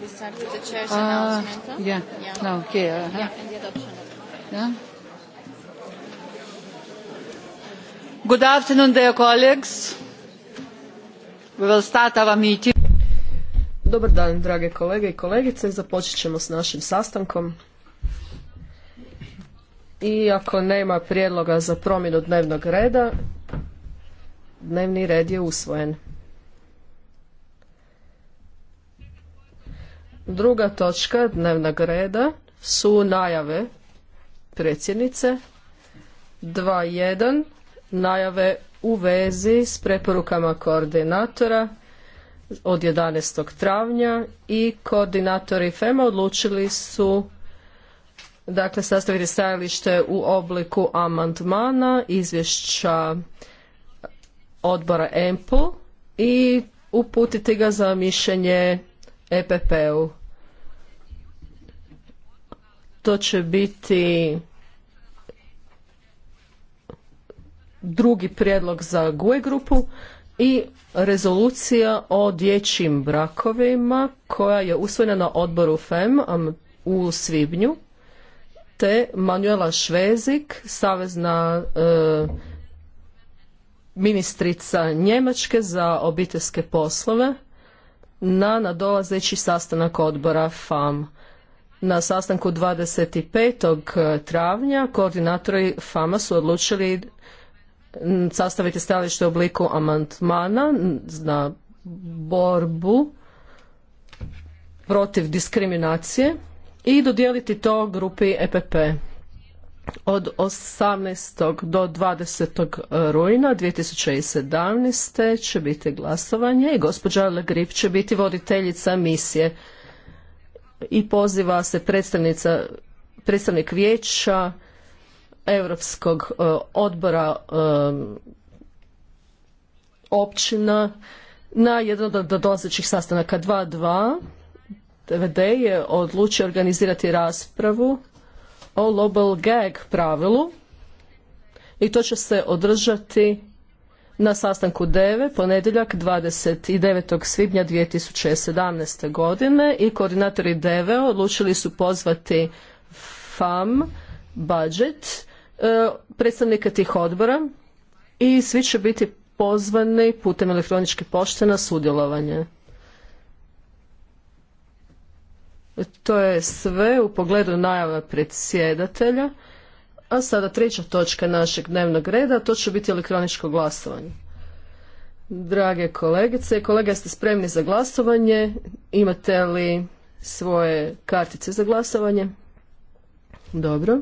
We start with Dobar dan, drage kolege i kolegice. Započet ćemo s našim sastankom. I ako nema prijedloga za promjenu dnevnog reda, Dnevni red je usvojen. Druga točka dnevnog reda su najave predsjednice 2.1. Najave u vezi s preporukama koordinatora od 11. travnja i koordinatori FEMA odlučili su dakle sastaviti stajalište u obliku amandmana izvješća odbora EMPU i uputiti ga za mišljenje EPP-u. To će biti drugi prijedlog za GUE grupu i rezolucija o dječjim brakovima koja je usvojena na odboru FEM u svibnju te Manuela Švezik, savezna e, ministrica Njemačke za obiteljske poslove na nadolazeći sastanak odbora FAM. Na sastanku 25. travnja koordinatori FAMA su odlučili sastaviti stajalište u obliku amandmana na borbu protiv diskriminacije i dodijeliti to grupi EPP od 18. do 20. rujna 2017. će biti glasovanje i gospođa Legrip će biti voditeljica misije i poziva se predstavnica, predstavnik vijeća Europskog e, odbora e, općina na jedan od dolazećih sastanaka 2.2. TVD je odlučio organizirati raspravu o Global Gag pravilu i to će se održati na sastanku DEVE ponedjeljak 29. svibnja 2017. godine i koordinatori DEVE odlučili su pozvati FAM, budget, e, predstavnika tih odbora i svi će biti pozvani putem elektroničke pošte na sudjelovanje. To je sve u pogledu najava predsjedatelja. A sada treća točka našeg dnevnog reda, to će biti elektroničko glasovanje. Drage kolegice i kolege, ste spremni za glasovanje? Imate li svoje kartice za glasovanje? Dobro.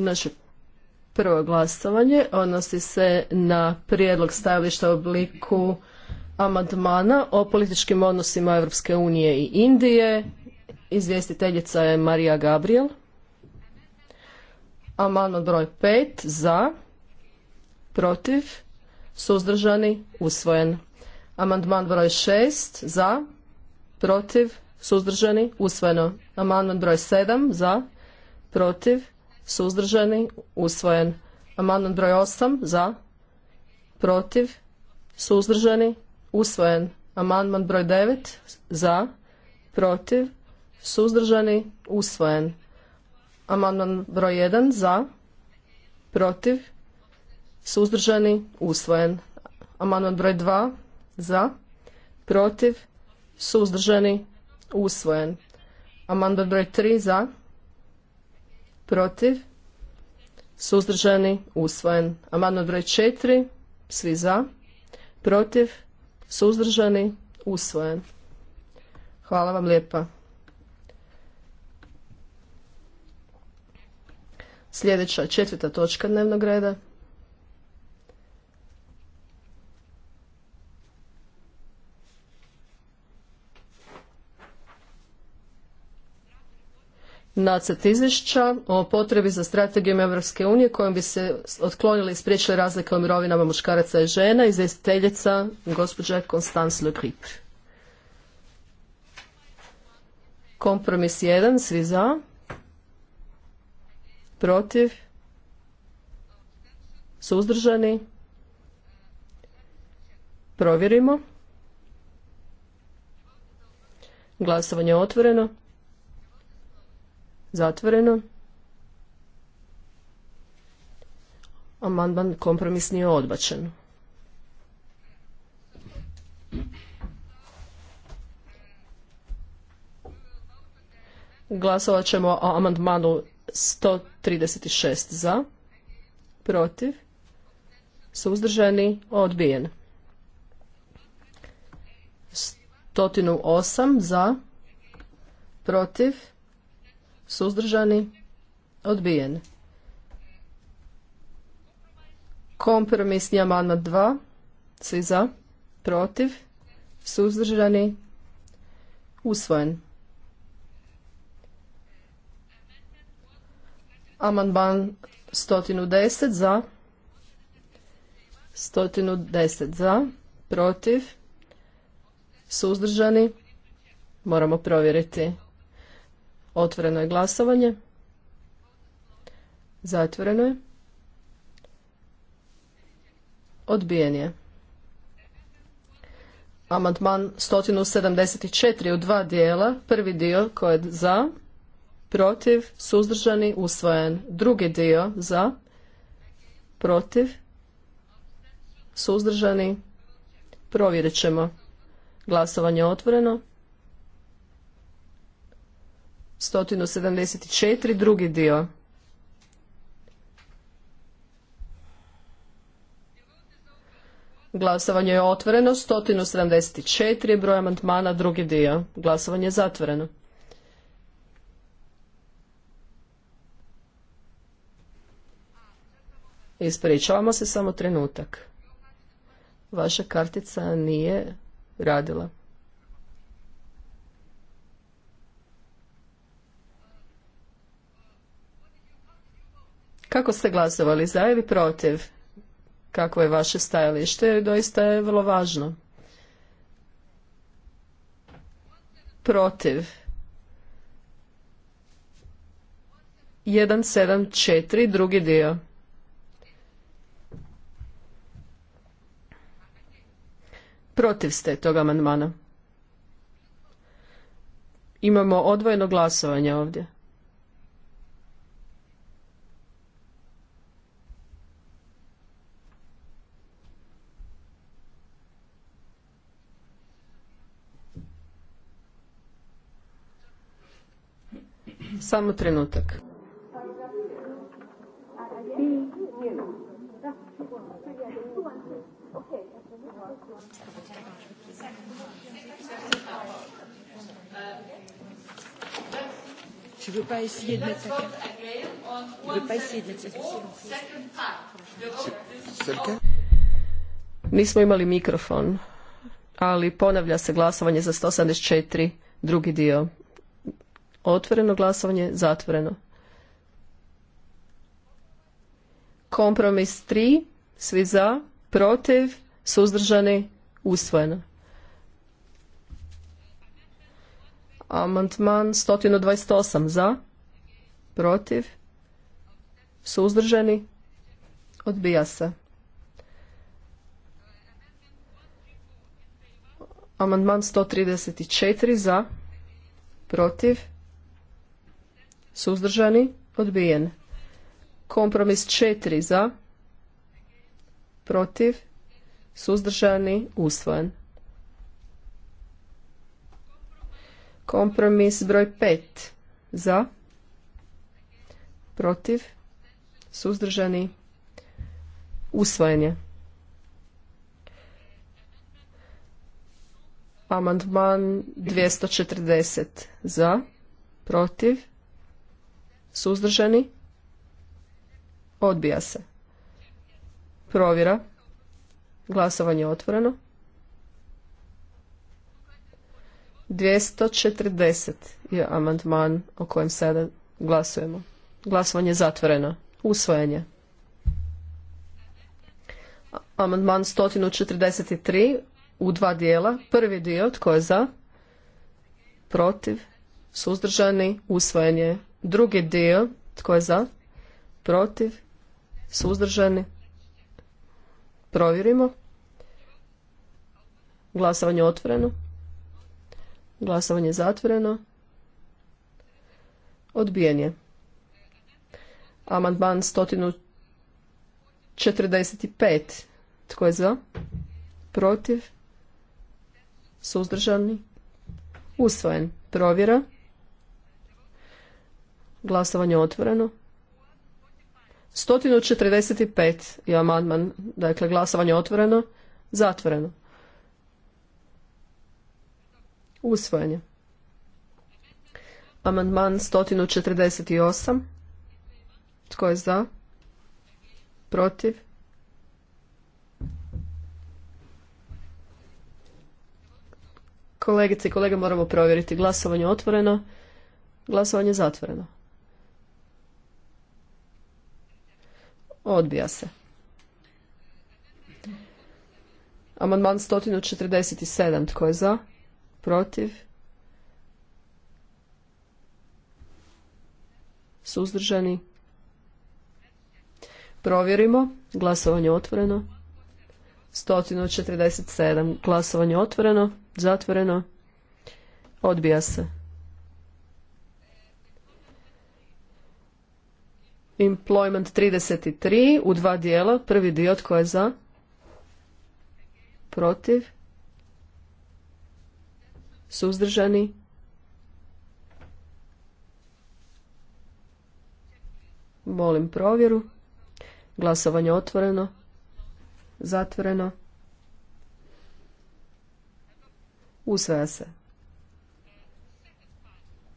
Naše prvo glasovanje odnosi se na prijedlog stajališta u obliku amandmana o političkim odnosima Europske unije i Indije. Izvjestiteljica je Marija Gabriel. Amandman broj pet za, protiv, suzdržani, usvojen. Amandman broj šest za, protiv, suzdržani, usvojeno. Amandman broj sedam za, protiv, suzdržani, usvojen. Amandman broj 8 za, protiv, suzdržani, usvojen. Amandman broj 9 za, protiv, suzdržani, usvojen. Amandman broj 1 za, protiv, suzdržani, usvojen. Amandman broj 2 za, protiv, suzdržani, usvojen. Amandman broj 3 za, protiv, suzdržani, usvojen. Amandman broj četiri, svi za, protiv, suzdržani, usvojen. Hvala vam lijepa. Sljedeća četvrta točka dnevnog reda. nacrt izvješća o potrebi za strategijom Europske unije kojom bi se otklonili i spriječile razlike u mirovinama muškaraca i žena, izvjestiteljica gospođa Constance Le Kompromis 1, svi za, protiv, suzdržani, provjerimo. Glasovanje je otvoreno. Zatvoreno. Amandman kompromis nije odbačen. Glasovat ćemo o amandmanu 136 za, protiv, suzdržani, odbijen. 108 za, protiv, suzdržani, odbijen. Kompromisni amandman 2, svi za, protiv, suzdržani, usvojen. Amandman 110 za, 110 za, protiv, suzdržani, moramo provjeriti. Otvoreno je glasovanje. Zatvoreno je. Odbijen je. Amandman 174 u dva dijela. Prvi dio koji je za, protiv, suzdržani, usvojen. Drugi dio za, protiv, suzdržani. Provjerit ćemo. Glasovanje otvoreno. 174, drugi dio. Glasovanje je otvoreno. 174 broj amandmana, drugi dio. Glasovanje je zatvoreno. Ispričavamo se samo trenutak. Vaša kartica nije radila. Kako ste glasovali, za ili protiv? Kako je vaše stajalište? doista je vrlo važno. Protiv. 174, drugi dio. Protiv ste tog amandmana. Imamo odvojeno glasovanje ovdje. Samo trenutak. Nismo imali mikrofon, ali ponavlja se glasovanje za 174, drugi dio. Otvoreno glasovanje, zatvoreno. Kompromis 3, svi za, protiv, suzdržani, usvojeno. Amantman 128 za, protiv, suzdržani, odbija se. Amandman 134 za, protiv, Suzdržani? Odbijen. Kompromis 4 za. Protiv? Suzdržani? Usvojen. Kompromis broj 5 za. Protiv? Suzdržani? Usvojen je. Amandman 240 za, protiv, Suzdržani? Odbija se. Provjera. Glasovanje je otvoreno. 240 je amandman o kojem sada glasujemo. Glasovanje je zatvoreno. Usvojenje. Amandman 143 u dva dijela. Prvi dio, tko je za? Protiv? Suzdržani? Usvojenje. Drugi dio, tko je za? Protiv? Suzdržani? Provjerimo. Glasovanje otvoreno. Glasovanje zatvoreno. Odbijen je. Amandman 145. Tko je za? Protiv? Suzdržani? Usvojen. Provjera. Glasovanje otvoreno. 145 je amandman. Dakle, glasovanje otvoreno. Zatvoreno. Usvojenje. Amandman 148. Tko je za? Protiv? Kolegice i kolege, moramo provjeriti. Glasovanje otvoreno. Glasovanje zatvoreno. Odbija se. Amandman 147. Tko je za? Protiv? Suzdržani? Provjerimo. Glasovanje otvoreno. 147. Glasovanje otvoreno. Zatvoreno. Odbija se. Employment 33 u dva dijela. Prvi dio tko je za? Protiv? Suzdržani? Molim provjeru. Glasovanje otvoreno. Zatvoreno. Usvaja se.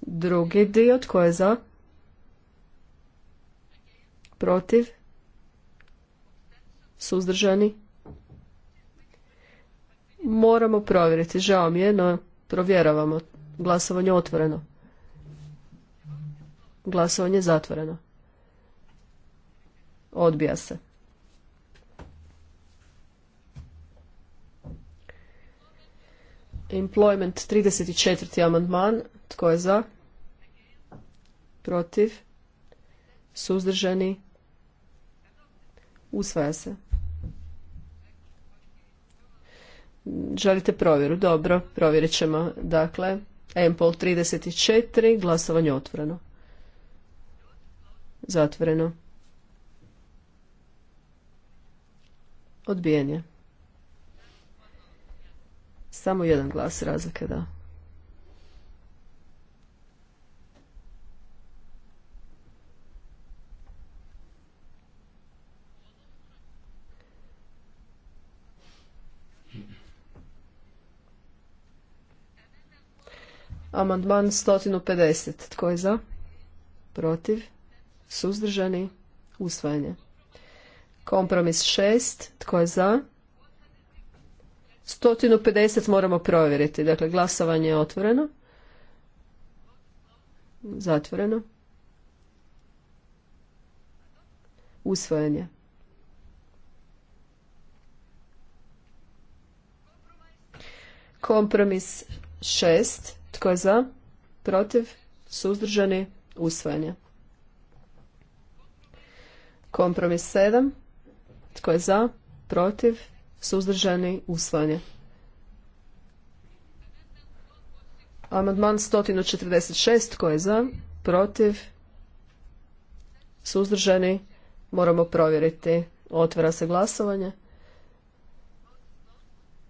Drugi dio tko je za? protiv, suzdržani. Moramo provjeriti, žao mi je, no provjeravamo. Glasovanje otvoreno. Glasovanje je zatvoreno. Odbija se. Employment 34. amandman. Tko je za? Protiv? Suzdržani? Usvaja se. Želite provjeru? Dobro, provjerit ćemo. Dakle, Empol 34, glasovanje otvoreno. Zatvoreno. Odbijen je. Samo jedan glas razlike, da. Amandman 150. Tko je za? Protiv? Suzdržani? Usvajanje. Kompromis 6. Tko je za? 150 moramo provjeriti. Dakle, glasovanje je otvoreno. Zatvoreno. Usvajanje. Kompromis 6. Tko je za? Protiv? Suzdržani? Usvajanje. Kompromis 7. Tko je za? Protiv? Suzdržani? Usvajanje. Amandman 146. Tko je za? Protiv? Suzdržani? Moramo provjeriti. Otvara se glasovanje.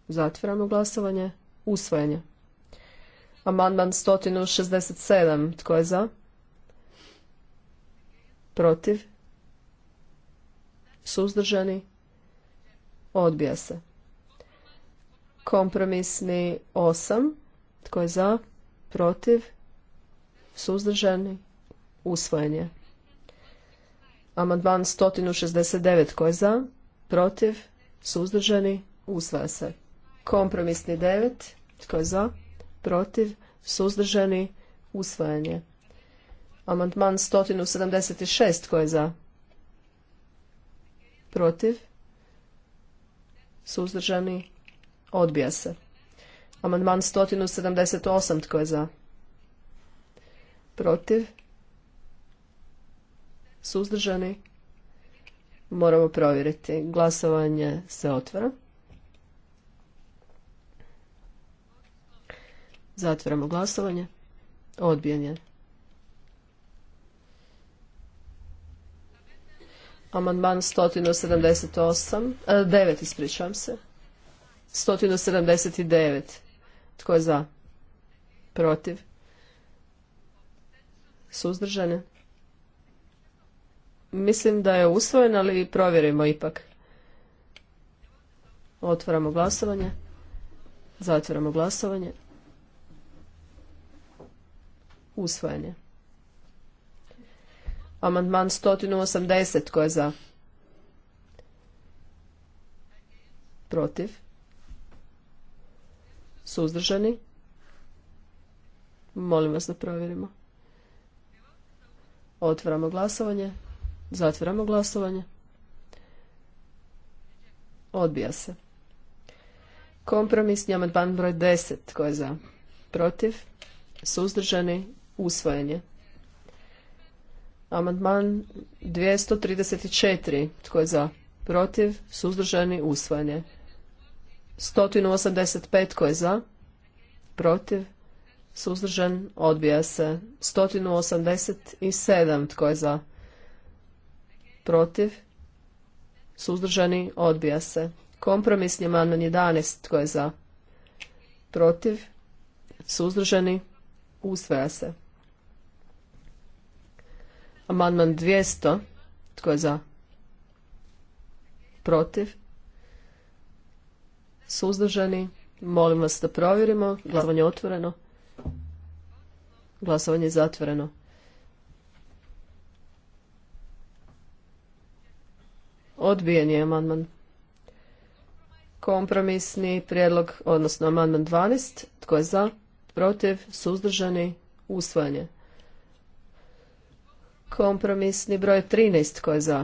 Zatvaramo glasovanje. Usvajanje. Amandman 167. Tko je za? Protiv? Suzdržani? Odbija se. Kompromisni 8. Tko je za? Protiv? Suzdržani? Usvojen je. Amandman 169. Tko je za? Protiv? Suzdržani? Usvaja se. Kompromisni 9. Tko je za? protiv, suzdržani, usvajanje. Amandman 176 tko je za, protiv, suzdržani, odbija se. Amandman 178 tko je za, protiv, suzdržani, moramo provjeriti. Glasovanje se otvara. Zatvaramo glasovanje. Odbijen je. Amandman 178, e, Devet ispričavam se. 179. Tko je za? Protiv? Suzdržane? Mislim da je usvojen, ali provjerimo ipak. Otvaramo glasovanje. Zatvaramo glasovanje. Usvojen Amandman 180. Tko je za? Protiv? Suzdržani? Molim vas da provjerimo. Otvaramo glasovanje. Zatvaramo glasovanje. Odbija se. Kompromisni amandman broj 10. Tko je za? Protiv? Suzdržani? Usvojen je. Amandman 234. Tko je za? Protiv? Suzdržani? Usvojen je. 185. Tko je za? Protiv? Suzdržan? Odbija se. 187. Tko je za? Protiv? Suzdržani? Odbija se. Kompromisni amandman 11. Tko je za? Protiv? Suzdržani? Usvaja se. Amandman 200. Tko je za? Protiv? Suzdržani? Molim vas da provjerimo. Glasovanje je otvoreno. Glasovanje je zatvoreno. Odbijen je amandman. Kompromisni prijedlog, odnosno amandman 12. Tko je za? Protiv? Suzdržani? je. Kompromisni broj 13. Tko je za?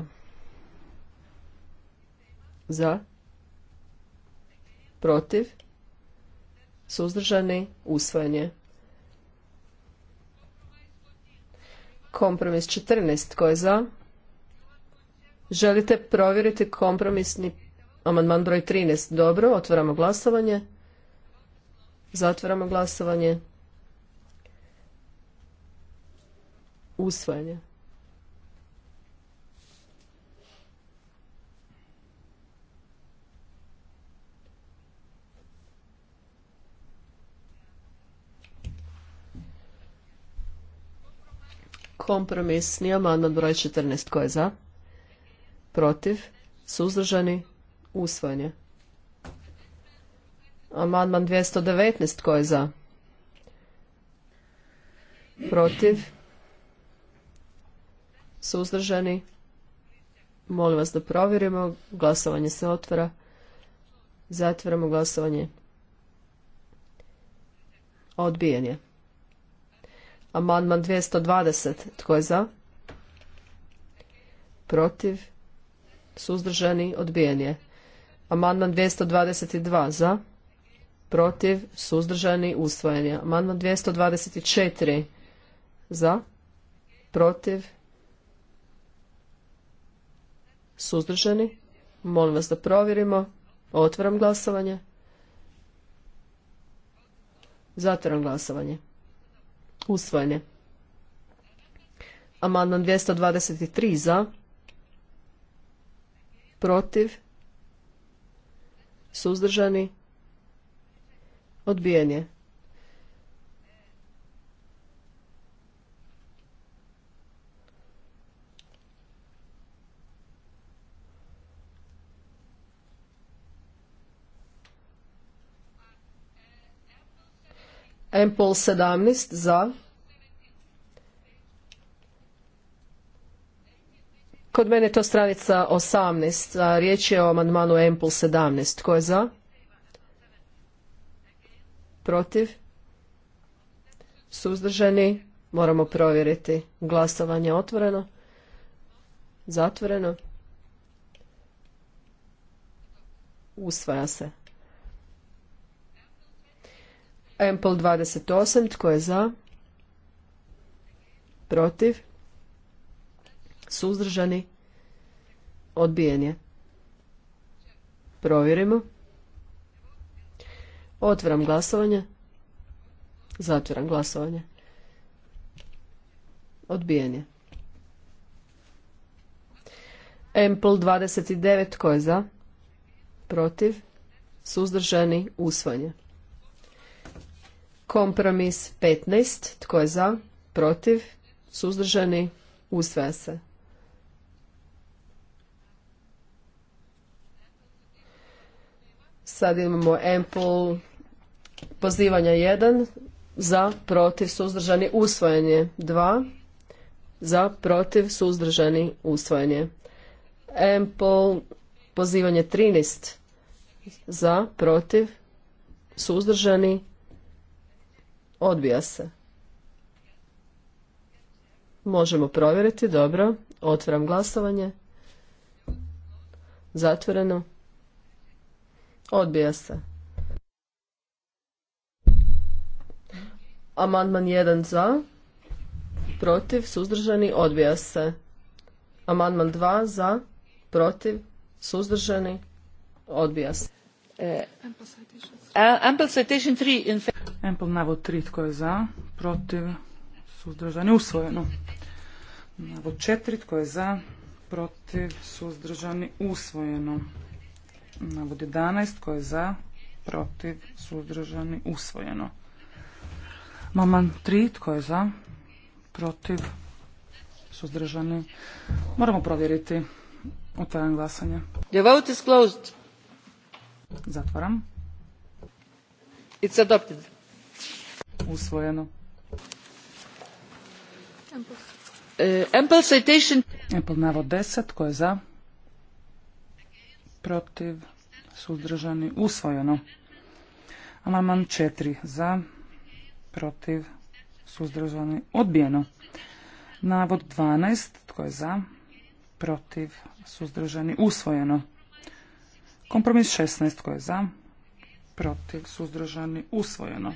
Za? Protiv? Suzdržani? Usvajanje. Kompromis 14. Tko je za? Želite provjeriti kompromisni amandman broj 13? Dobro, otvaramo glasovanje. Zatvaramo glasovanje. Usvajanje. Kompromisni amandman broj 14. Tko je za? Protiv? Suzdržani? Usvojen je. Amandman 219. Tko je za? Protiv? Suzdržani? Molim vas da provjerimo. Glasovanje se otvara. Zatvaramo glasovanje. Odbijen je. Amandman 220. Tko je za? Protiv? Suzdržani? Odbijen je. Amandman 222. Za? Protiv? Suzdržani? Usvojen je. Amandman 224. Za? Protiv? Suzdržani? Molim vas da provjerimo. Otvaram glasovanje. Zatvaram glasovanje usvojen Amandman 223 za, protiv, suzdržani, odbijen je. Empol 17 za. Kod mene je to stranica 18, a riječ je o amandmanu Empol 17. Tko je za? Protiv? Suzdržani? Moramo provjeriti. Glasovanje otvoreno? Zatvoreno? Usvaja se. Empol 28. Tko je za? Protiv? Suzdržani? Odbijen je. Provjerimo. Otvaram glasovanje. Zatvaram glasovanje. Odbijen je. Empl 29. Tko je za? Protiv? Suzdržani? Usvanje. Kompromis 15. Tko je za? Protiv? Suzdržani? Usvaja se. Sad imamo Ample pozivanja 1. Za, protiv, suzdržani, usvajanje 2. Za, protiv, suzdržani, usvajanje. Ample pozivanje 13. Za, protiv, suzdržani, Odbija se. Možemo provjeriti, dobro. Otvaram glasovanje. Zatvoreno. Odbija se. Amandman 1 za. Protiv. Suzdržani. Odbija se. Amandman 2 za. Protiv. Suzdržani. Odbija se. E, Uh, Ample 3 in navod 3 tko je za, protiv, suzdržani, usvojeno. Navod 4 tko je za, protiv, suzdržani, usvojeno. Navod 11 tko je za, protiv, suzdržani, usvojeno. Maman 3 tko je za, protiv, suzdržani. Moramo provjeriti. Otvaram glasanja The closed. Zatvaram. It's adopted. Usvojeno. Uh, ample citation. Ample navod 10. Tko je za? Protiv. Suzdržani. Usvojeno. Amaman 4. Za. Protiv. Suzdržani. Odbijeno. Navod 12. Tko je za? Protiv. Suzdržani. Usvojeno. Kompromis 16. Tko je za? protiv, suzdržani, usvojeno.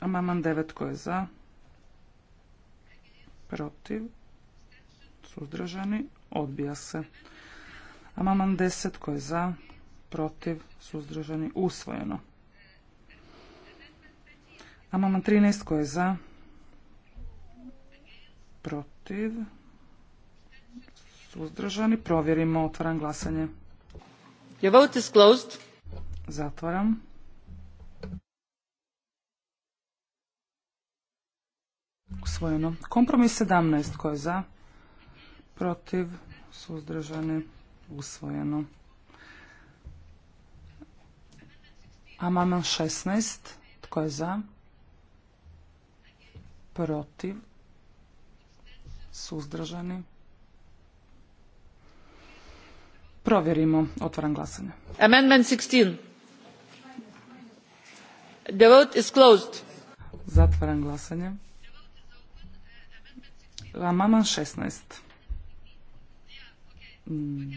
Amaman 9 tko je za, protiv, suzdržani, odbija se. Amaman 10 tko je za, protiv, suzdržani, usvojeno. Amaman 13 tko je za, protiv, suzdržani, provjerimo, otvaram glasanje. Your vote is closed. Zatvaram. usvojeno. Kompromis 17 tko je za, protiv, suzdržani, usvojeno. Amandman 16 tko je za, protiv, suzdržani, Provjerimo. Otvaram glasanje. Amendment 16. The vote is closed. Zatvaram glasanje. Amaman 16. Mm.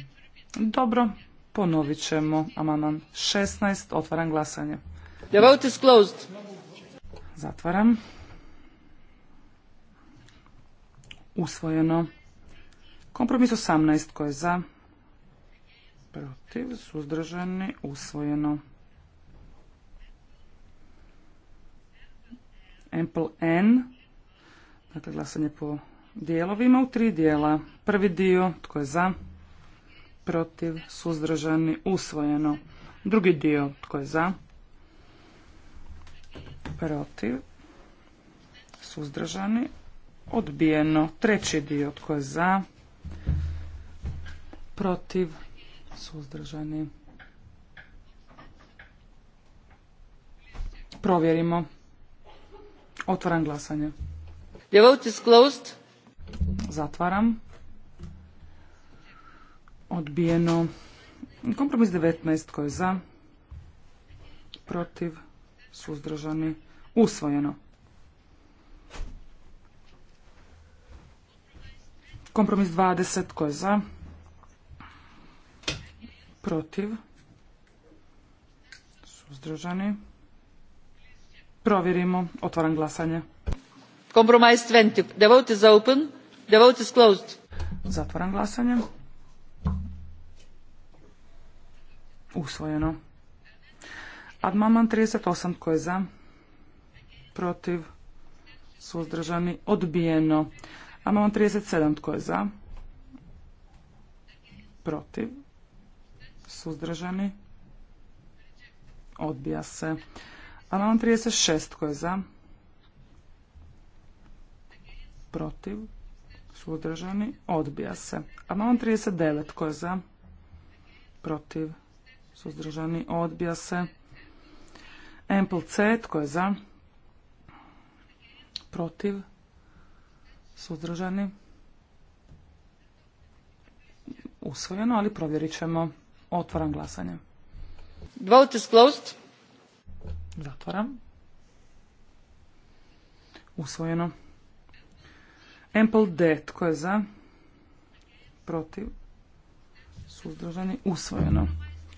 Dobro, ponovit ćemo. Amaman 16. Otvaram glasanje. The vote is closed. Zatvaram. Usvojeno. Kompromis 18. Ko je za? Protiv. Suzdržani. Usvojeno. Ample N. Dakle, glasanje po dijelovima u tri dijela. Prvi dio, tko je za, protiv, suzdržani, usvojeno. Drugi dio, tko je za, protiv, suzdržani, odbijeno. Treći dio, tko je za, protiv, suzdržani. Provjerimo. Otvaram glasanje. The vote Zatvaram. Odbijeno. Kompromis 19. Tko je za? Protiv? Suzdržani? Usvojeno. Kompromis 20. Tko je za? Protiv? Suzdržani? Provjerimo. Otvaram glasanje. Kompromis 20. The vote is open. The vote glasanje. Usvojeno. Admaman 38 tko je za? Protiv? Suzdržani? Odbijeno. Admaman 37 tko je za? Protiv? Suzdržani? Odbija se. Admaman 36 tko je za? Protiv? Suzdržani? Odbija se. Amandman 39. Tko je za? Protiv? Suzdržani? Odbija se. Ample C. Tko je za? Protiv? Suzdržani? Usvojeno, ali provjerit ćemo. Otvaram glasanje. Vote is closed. Usvojeno. Ample D. Tko je za? Protiv? Suzdržani? Usvojeno.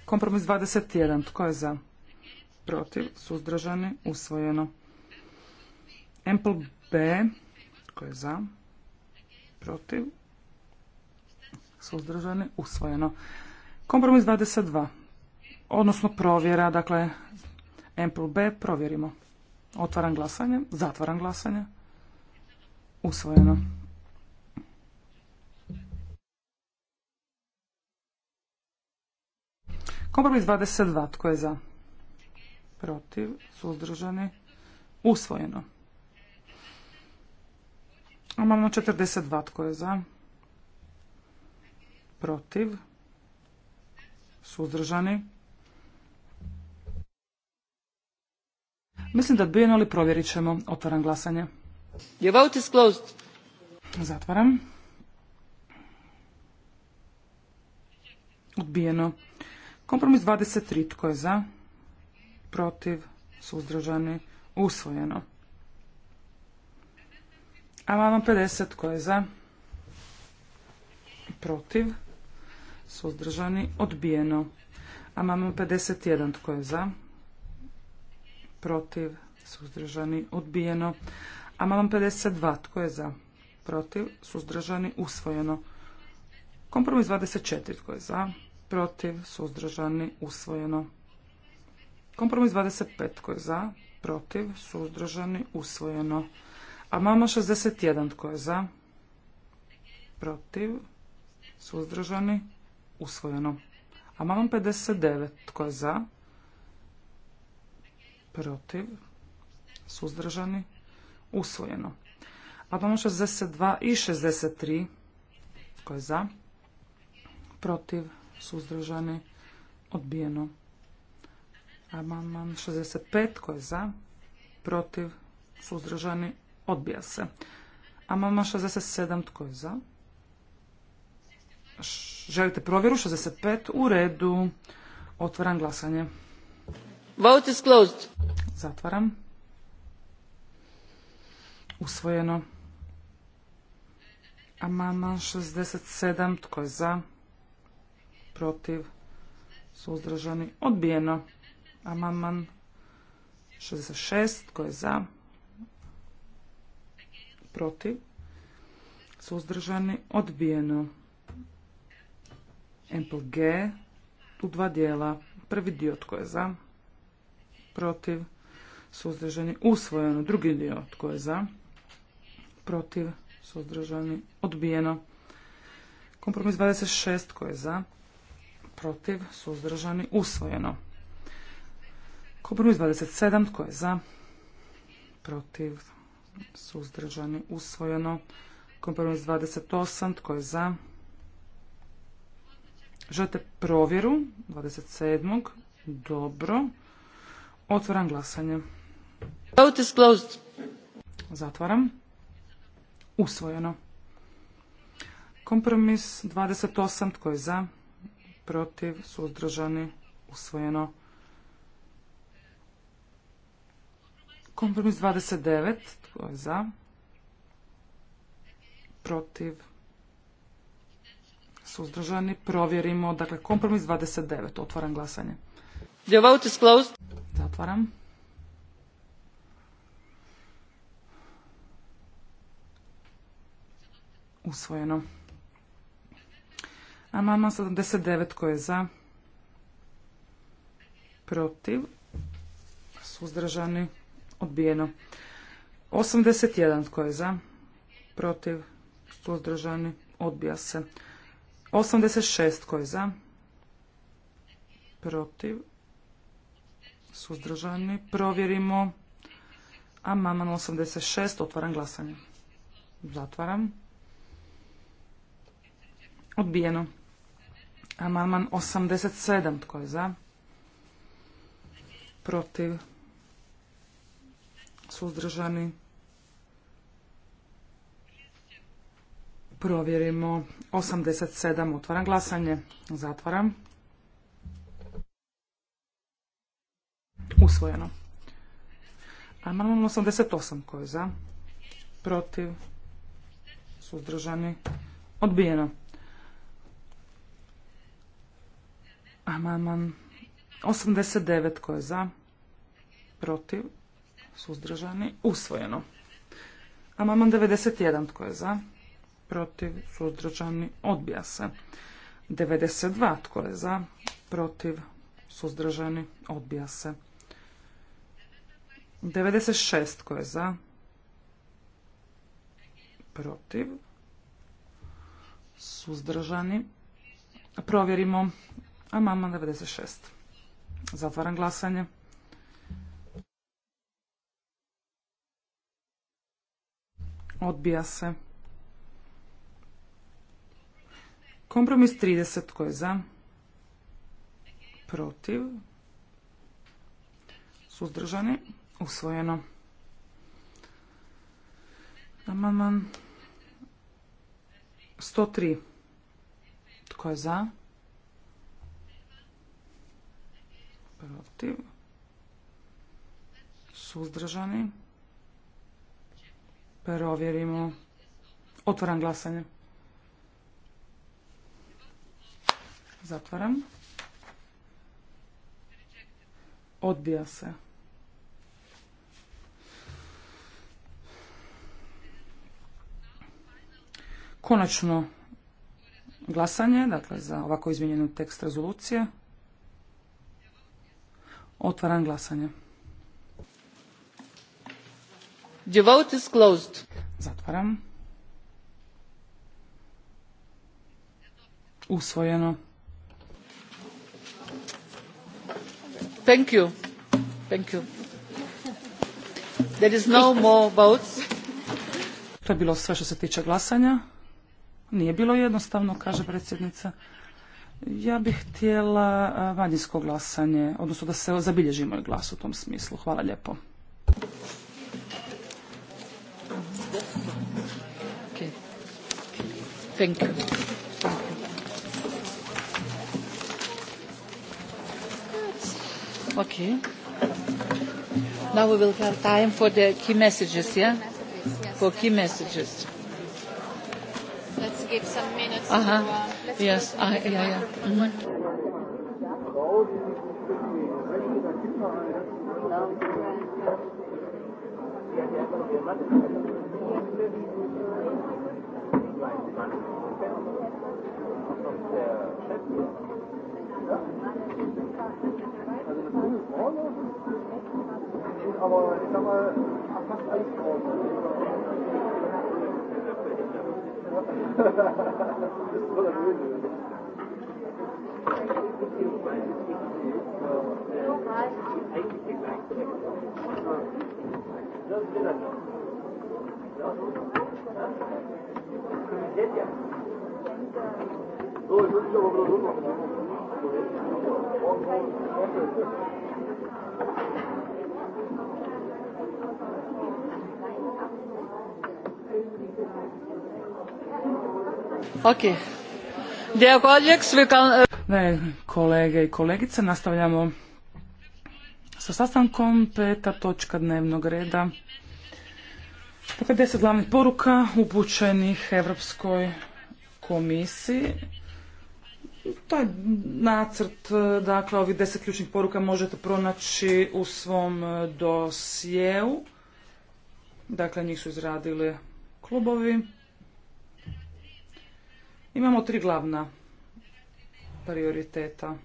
Kompromis 21. Tko je za? Protiv? Suzdržani? Usvojeno. Ample B. Tko je za? Protiv? Suzdržani? Usvojeno. Kompromis 22. Odnosno provjera, dakle, Ample B. Provjerimo. Otvaram glasanje. Zatvaram glasanje usvojeno. Kompromis 22. Tko je za? Protiv. Suzdržani. Usvojeno. Imamo 42. Tko je za? Protiv. Suzdržani. Mislim da odbijeno, ali provjerit ćemo. Otvaram glasanje. Your Zatvaram. Odbijeno. Kompromis 23. Tko je za? Protiv? Suzdržani? Usvojeno. Amandman 50. Tko je za? Protiv? Suzdržani? Odbijeno. Amandman 51. Tko je za? Protiv? Suzdržani? Odbijeno. Amalan 52. Tko je za? Protiv. Suzdržani. Usvojeno. Kompromis 24. Tko je za? Protiv. Suzdržani. Usvojeno. Kompromis 25. Tko je za? Protiv. Suzdržani. Usvojeno. Amalan 61. Tko je za? Protiv. Suzdržani. Usvojeno. Amalan 59. Tko je za? Protiv. Suzdržani usvojeno. Amandman pa 62 i 63. Tko je za? Protiv? Suzdržani? Odbijeno. Amandman 65. Tko je za? Protiv? Suzdržani? Odbija se. Amandman 67. Tko je za? Želite provjeru? 65. U redu. Otvaram glasanje. Vote is closed. Zatvaram. Usvojeno. Amandman 67. Tko je za? Protiv? Suzdržani? Odbijeno. Amandman 66. Tko je za? Protiv? Suzdržani? Odbijeno. MPG u dva dijela. Prvi dio tko je za? Protiv? Suzdržani? Usvojeno. Drugi dio tko je za? protiv, suzdržani, odbijeno. Kompromis 26 koji je za, protiv, suzdržani, usvojeno. Kompromis 27 tko je za, protiv, suzdržani, usvojeno. Kompromis 28 tko je za, želite provjeru 27. Dobro. Otvaram glasanje. Zatvaram usvojeno. Kompromis 28. Tko je za? Protiv? Suzdržani? Usvojeno. Kompromis 29. Tko je za? Protiv? Suzdržani? Provjerimo. Dakle, kompromis 29. Otvaram glasanje. Zatvaram Zatvaram. Usvojeno. Amandman 79 tko je za? Protiv? Suzdržani? Odbijeno. 81 tko je za? Protiv? Suzdržani? Odbija se. 86 tko je za? Protiv? Suzdržani? Provjerimo. Amandman 86. Otvaram glasanje. Zatvaram. Odbijeno. Amandman 87. Tko je za? Protiv. Suzdržani. Provjerimo. 87. Otvaram glasanje. Zatvaram. Usvojeno. Amandman 88. Tko je za? Protiv. Suzdržani. Odbijeno. Amandman 89 tko je za? Protiv? Suzdržani? Usvojeno. Amandman 91 tko je za? Protiv? Suzdržani? Odbija se. 92 tko je za? Protiv? Suzdržani? Odbija se. 96 tko je za? Protiv? Suzdržani? Provjerimo Amaman 96. Zatvaram glasanje. Odbija se. Kompromis 30. Tko je za? Protiv. Suzdržani. Usvojeno. Amaman 103. Tko je za? Protiv. protiv, suzdržani. Provjerimo. Otvaram glasanje. Zatvaram. Odbija se. Konačno glasanje, dakle za ovako izmijenjenu tekst rezolucije. Otvaram glasanje. The vote is closed. Zatvaram. Usvojeno. Thank you. Thank you. There is no more votes. To je bilo sve što se tiče glasanja. Nije bilo jednostavno, kaže predsjednica. Ja bih htjela vanjinsko glasanje, odnosno da se zabilježi moj glas u tom smislu. Hvala lijepo. Okay. Thank you. Thank you. Okay. Now we will have time for the key messages, yeah? For key messages give some minutes. Uh -huh. to, uh, let's yes, uh, yeah, yeah. Mm -hmm. Okay. Colleagues, we can... Uh, kolege i kolegice, nastavljamo sa sastankom, peta točka dnevnog reda. Dakle, deset glavnih poruka upućenih Europskoj komisiji. To je nacrt, dakle, ovih deset ključnih poruka možete pronaći u svom dosjeu. Dakle, njih su izradili klubovi. Imamo tri glavna prioriteta.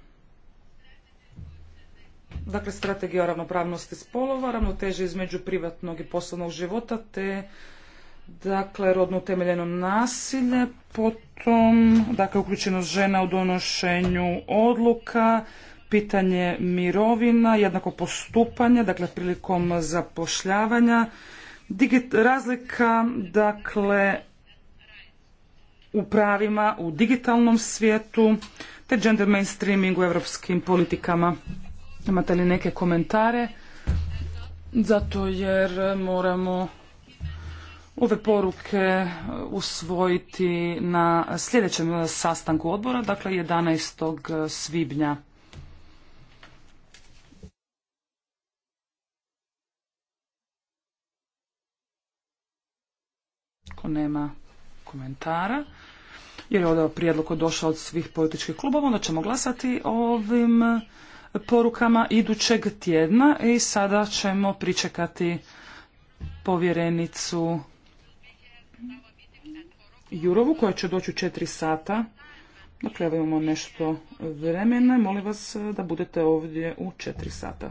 Dakle, strategija ravnopravnosti spolova, ravnoteže između privatnog i poslovnog života, te dakle, rodno utemeljeno nasilje, potom, dakle, uključenost žena u donošenju odluka, pitanje mirovina, jednako postupanje, dakle, prilikom zapošljavanja, razlika, dakle, u pravima u digitalnom svijetu, te gender mainstreaming u europskim politikama. Imate li neke komentare? Zato jer moramo ove poruke uh, usvojiti na sljedećem uh, sastanku odbora, dakle 11. Uh, svibnja. Ako nema komentara, jer je ovdje prijedlog došao od svih političkih klubova, onda ćemo glasati ovim porukama idućeg tjedna i sada ćemo pričekati povjerenicu Jurovu koja će doći u 4 sata. Dakle, evo imamo nešto vremena. Molim vas da budete ovdje u 4 sata.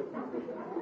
planiranja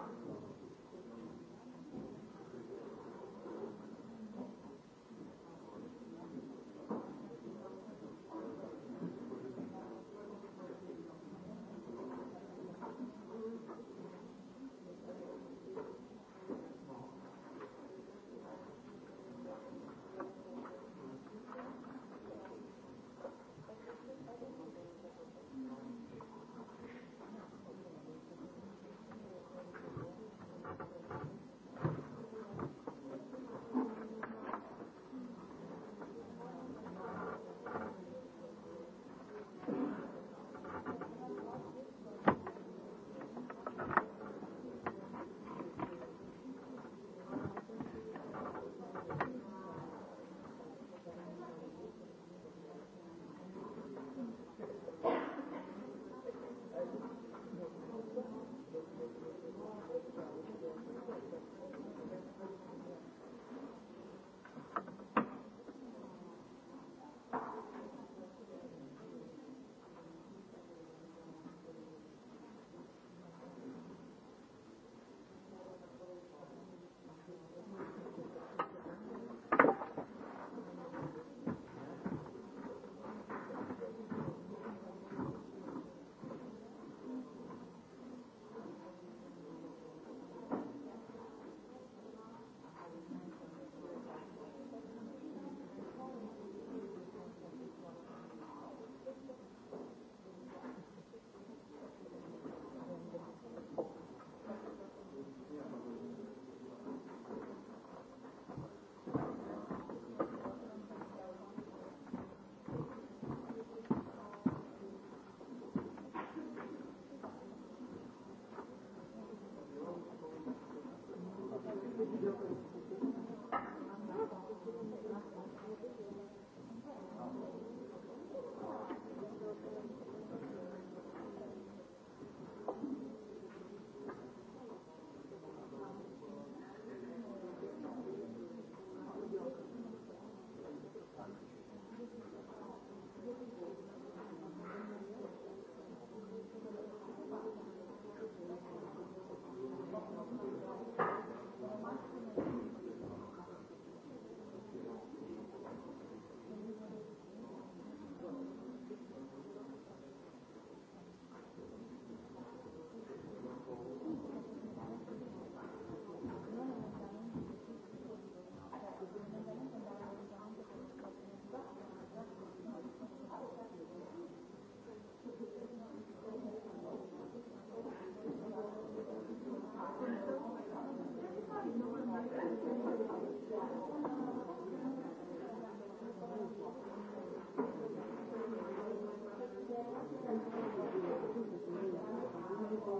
u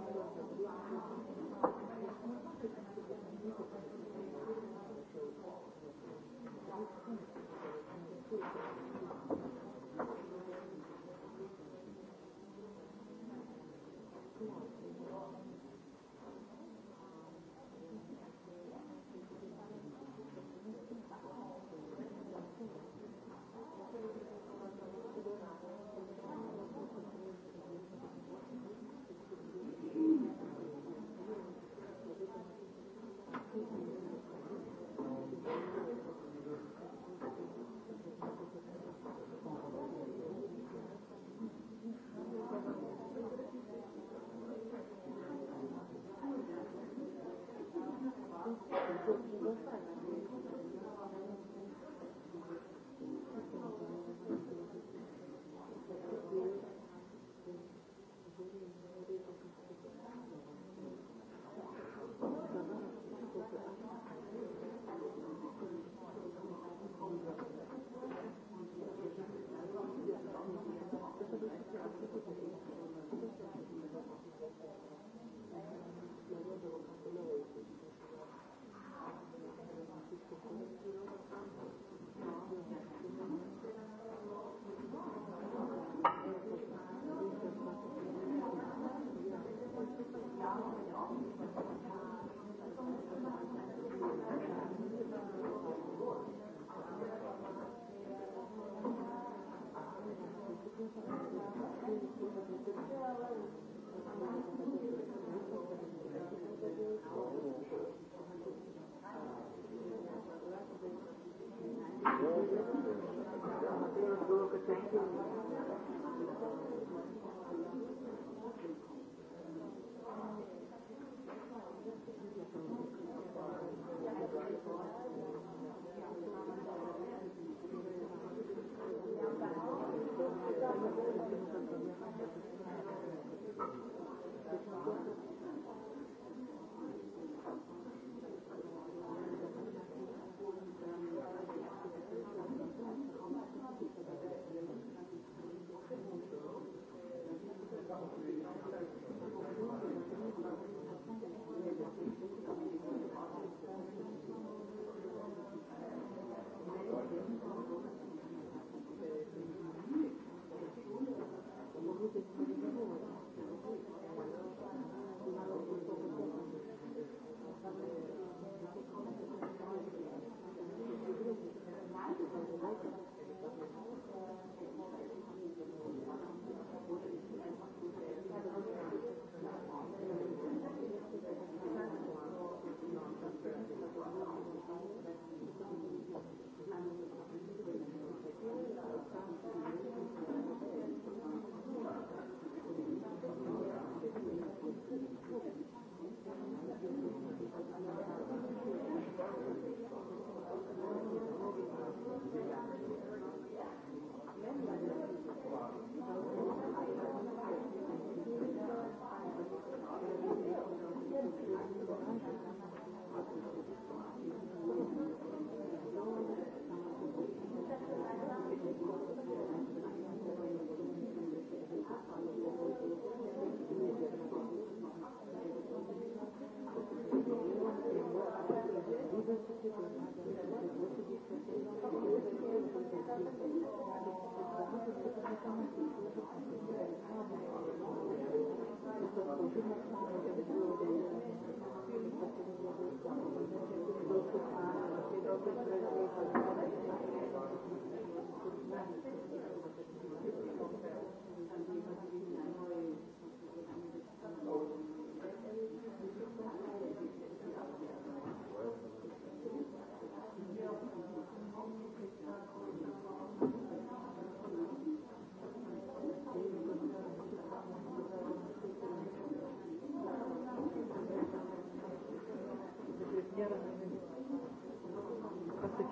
da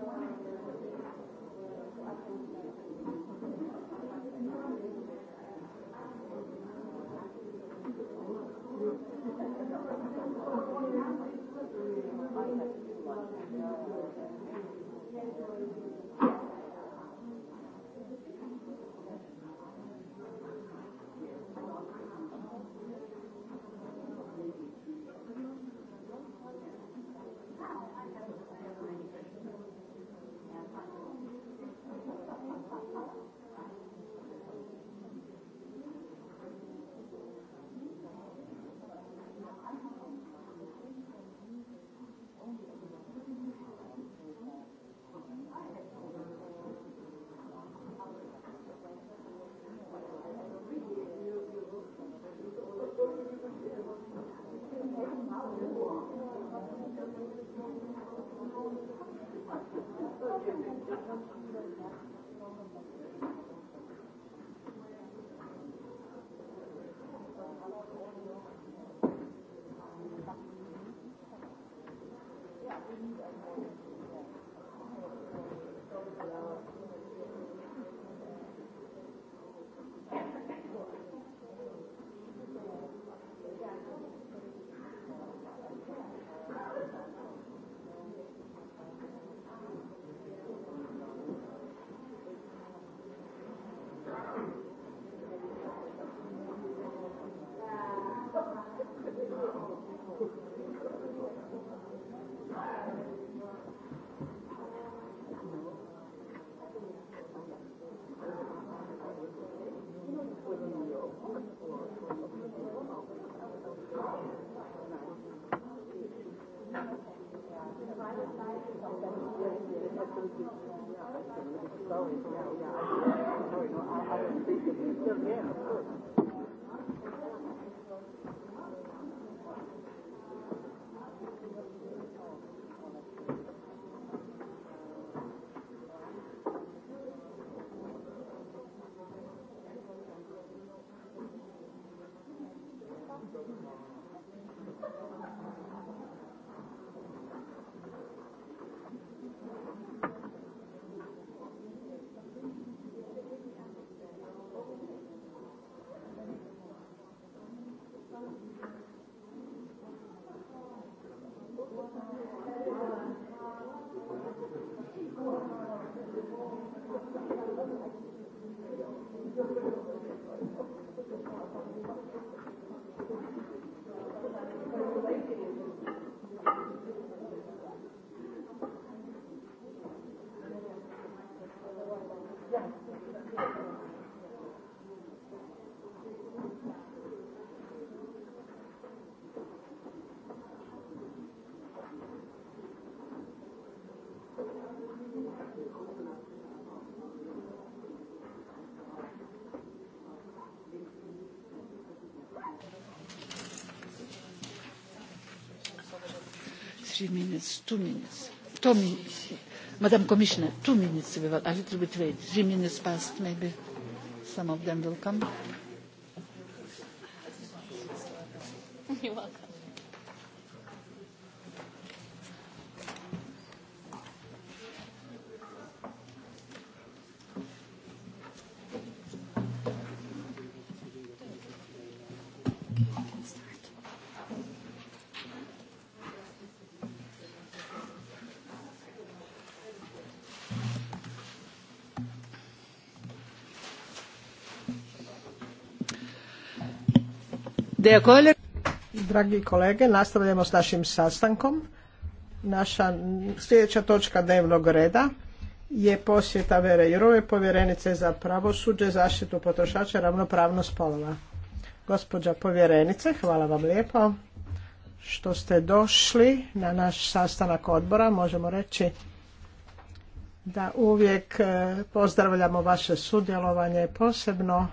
Hvala Hvala vam. u three minutes two minutes madam commissioner two minutes a little bit late three minutes past maybe some of them will come. Dragi kolege, nastavljamo s našim sastankom. Naša sljedeća točka dnevnog reda je posjeta Vere Jurove, povjerenice za pravosuđe, zaštitu potrošača, ravnopravnost spolova. Gospođa povjerenice, hvala vam lijepo što ste došli na naš sastanak odbora. Možemo reći da uvijek eh, pozdravljamo vaše sudjelovanje, posebno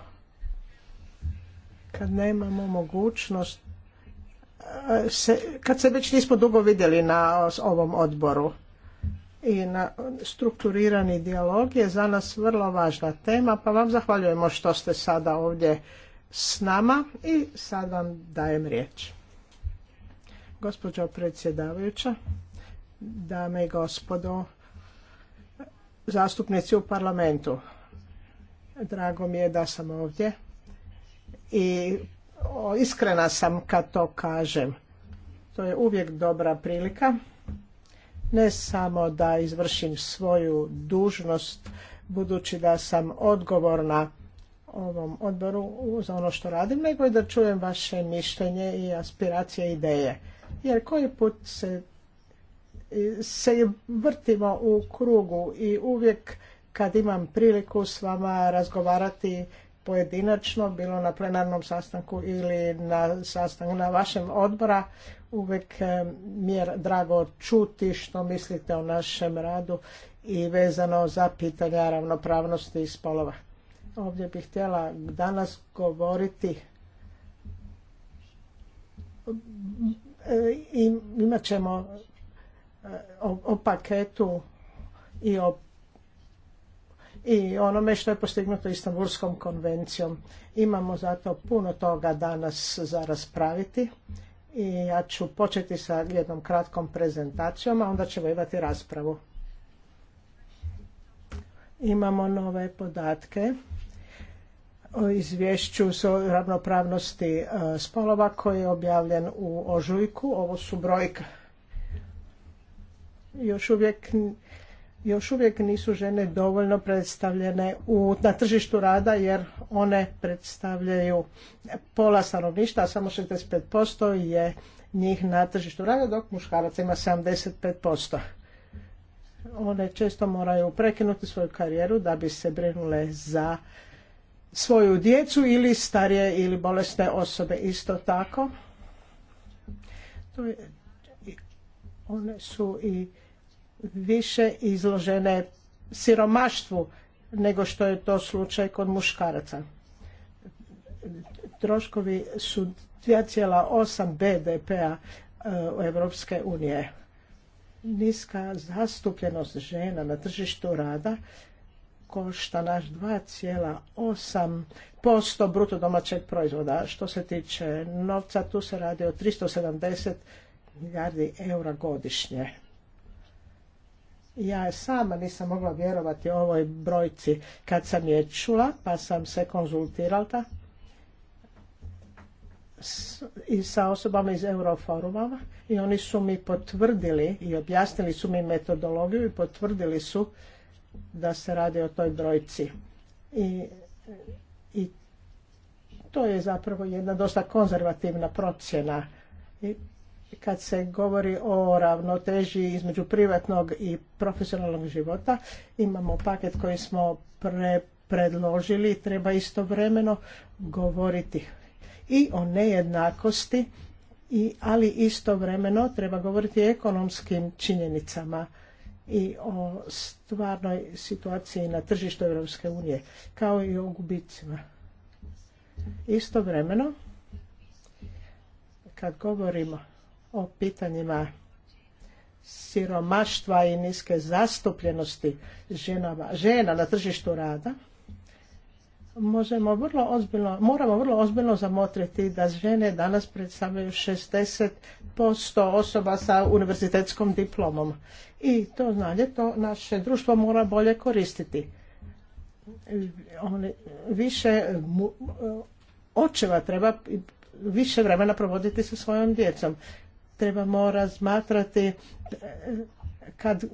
kad nemamo mogućnost e, se, kad se već nismo dugo vidjeli na ovom odboru i na strukturirani dijalog je za nas vrlo važna tema pa vam zahvaljujemo što ste sada ovdje s nama i sad vam dajem riječ. Gospođo predsjedavajuća, dame i gospodo, zastupnici u parlamentu, drago mi je da sam ovdje i iskrena sam kad to kažem. To je uvijek dobra prilika ne samo da izvršim svoju dužnost budući da sam odgovorna ovom odboru za ono što radim, nego i da čujem vaše mišljenje i aspiracije i ideje. Jer koji put se, se vrtimo u krugu i uvijek kad imam priliku s vama razgovarati pojedinačno, bilo na plenarnom sastanku ili na sastanku na vašem odbora. Uvijek eh, mi je drago čuti što mislite o našem radu i vezano za pitanja ravnopravnosti i spolova. Ovdje bih htjela danas govoriti eh, i imat ćemo eh, o, o paketu i o i onome što je postignuto Istanbulskom konvencijom. Imamo zato puno toga danas za raspraviti i ja ću početi sa jednom kratkom prezentacijom, a onda ćemo imati raspravu. Imamo nove podatke o izvješću o ravnopravnosti e, spolova koji je objavljen u ožujku. Ovo su brojke. Još uvijek još uvijek nisu žene dovoljno predstavljene u, na tržištu rada jer one predstavljaju pola stanovništva, a samo 65% je njih na tržištu rada, dok muškaraca ima 75%. One često moraju prekinuti svoju karijeru da bi se brinule za svoju djecu ili starije ili bolesne osobe. Isto tako, to je, one su i više izložene siromaštvu nego što je to slučaj kod muškaraca. Troškovi su 2,8 BDP-a Europske unije. Niska zastupljenost žena na tržištu rada košta naš 2,8% bruto domaćeg proizvoda. Što se tiče novca, tu se radi o 370 milijardi eura godišnje. Ja sama nisam mogla vjerovati ovoj brojci kad sam je čula, pa sam se konzultirala i sa osobama iz Euroforumova i oni su mi potvrdili i objasnili su mi metodologiju i potvrdili su da se radi o toj brojci. I, i to je zapravo jedna dosta konzervativna procjena. I kad se govori o ravnoteži između privatnog i profesionalnog života, imamo paket koji smo pre predložili, treba istovremeno govoriti i o nejednakosti, i, ali istovremeno treba govoriti o ekonomskim činjenicama i o stvarnoj situaciji na tržištu Europske unije, kao i o gubicima. Istovremeno, kad govorimo o pitanjima siromaštva i niske zastupljenosti žena na tržištu rada, možemo vrlo ozbiljno, moramo vrlo ozbiljno zamotriti da žene danas predstavljaju 60% osoba sa univerzitetskom diplomom. I to znanje, to naše društvo mora bolje koristiti. Oni više očeva treba više vremena provoditi sa svojom djecom trebamo razmatrati e, kad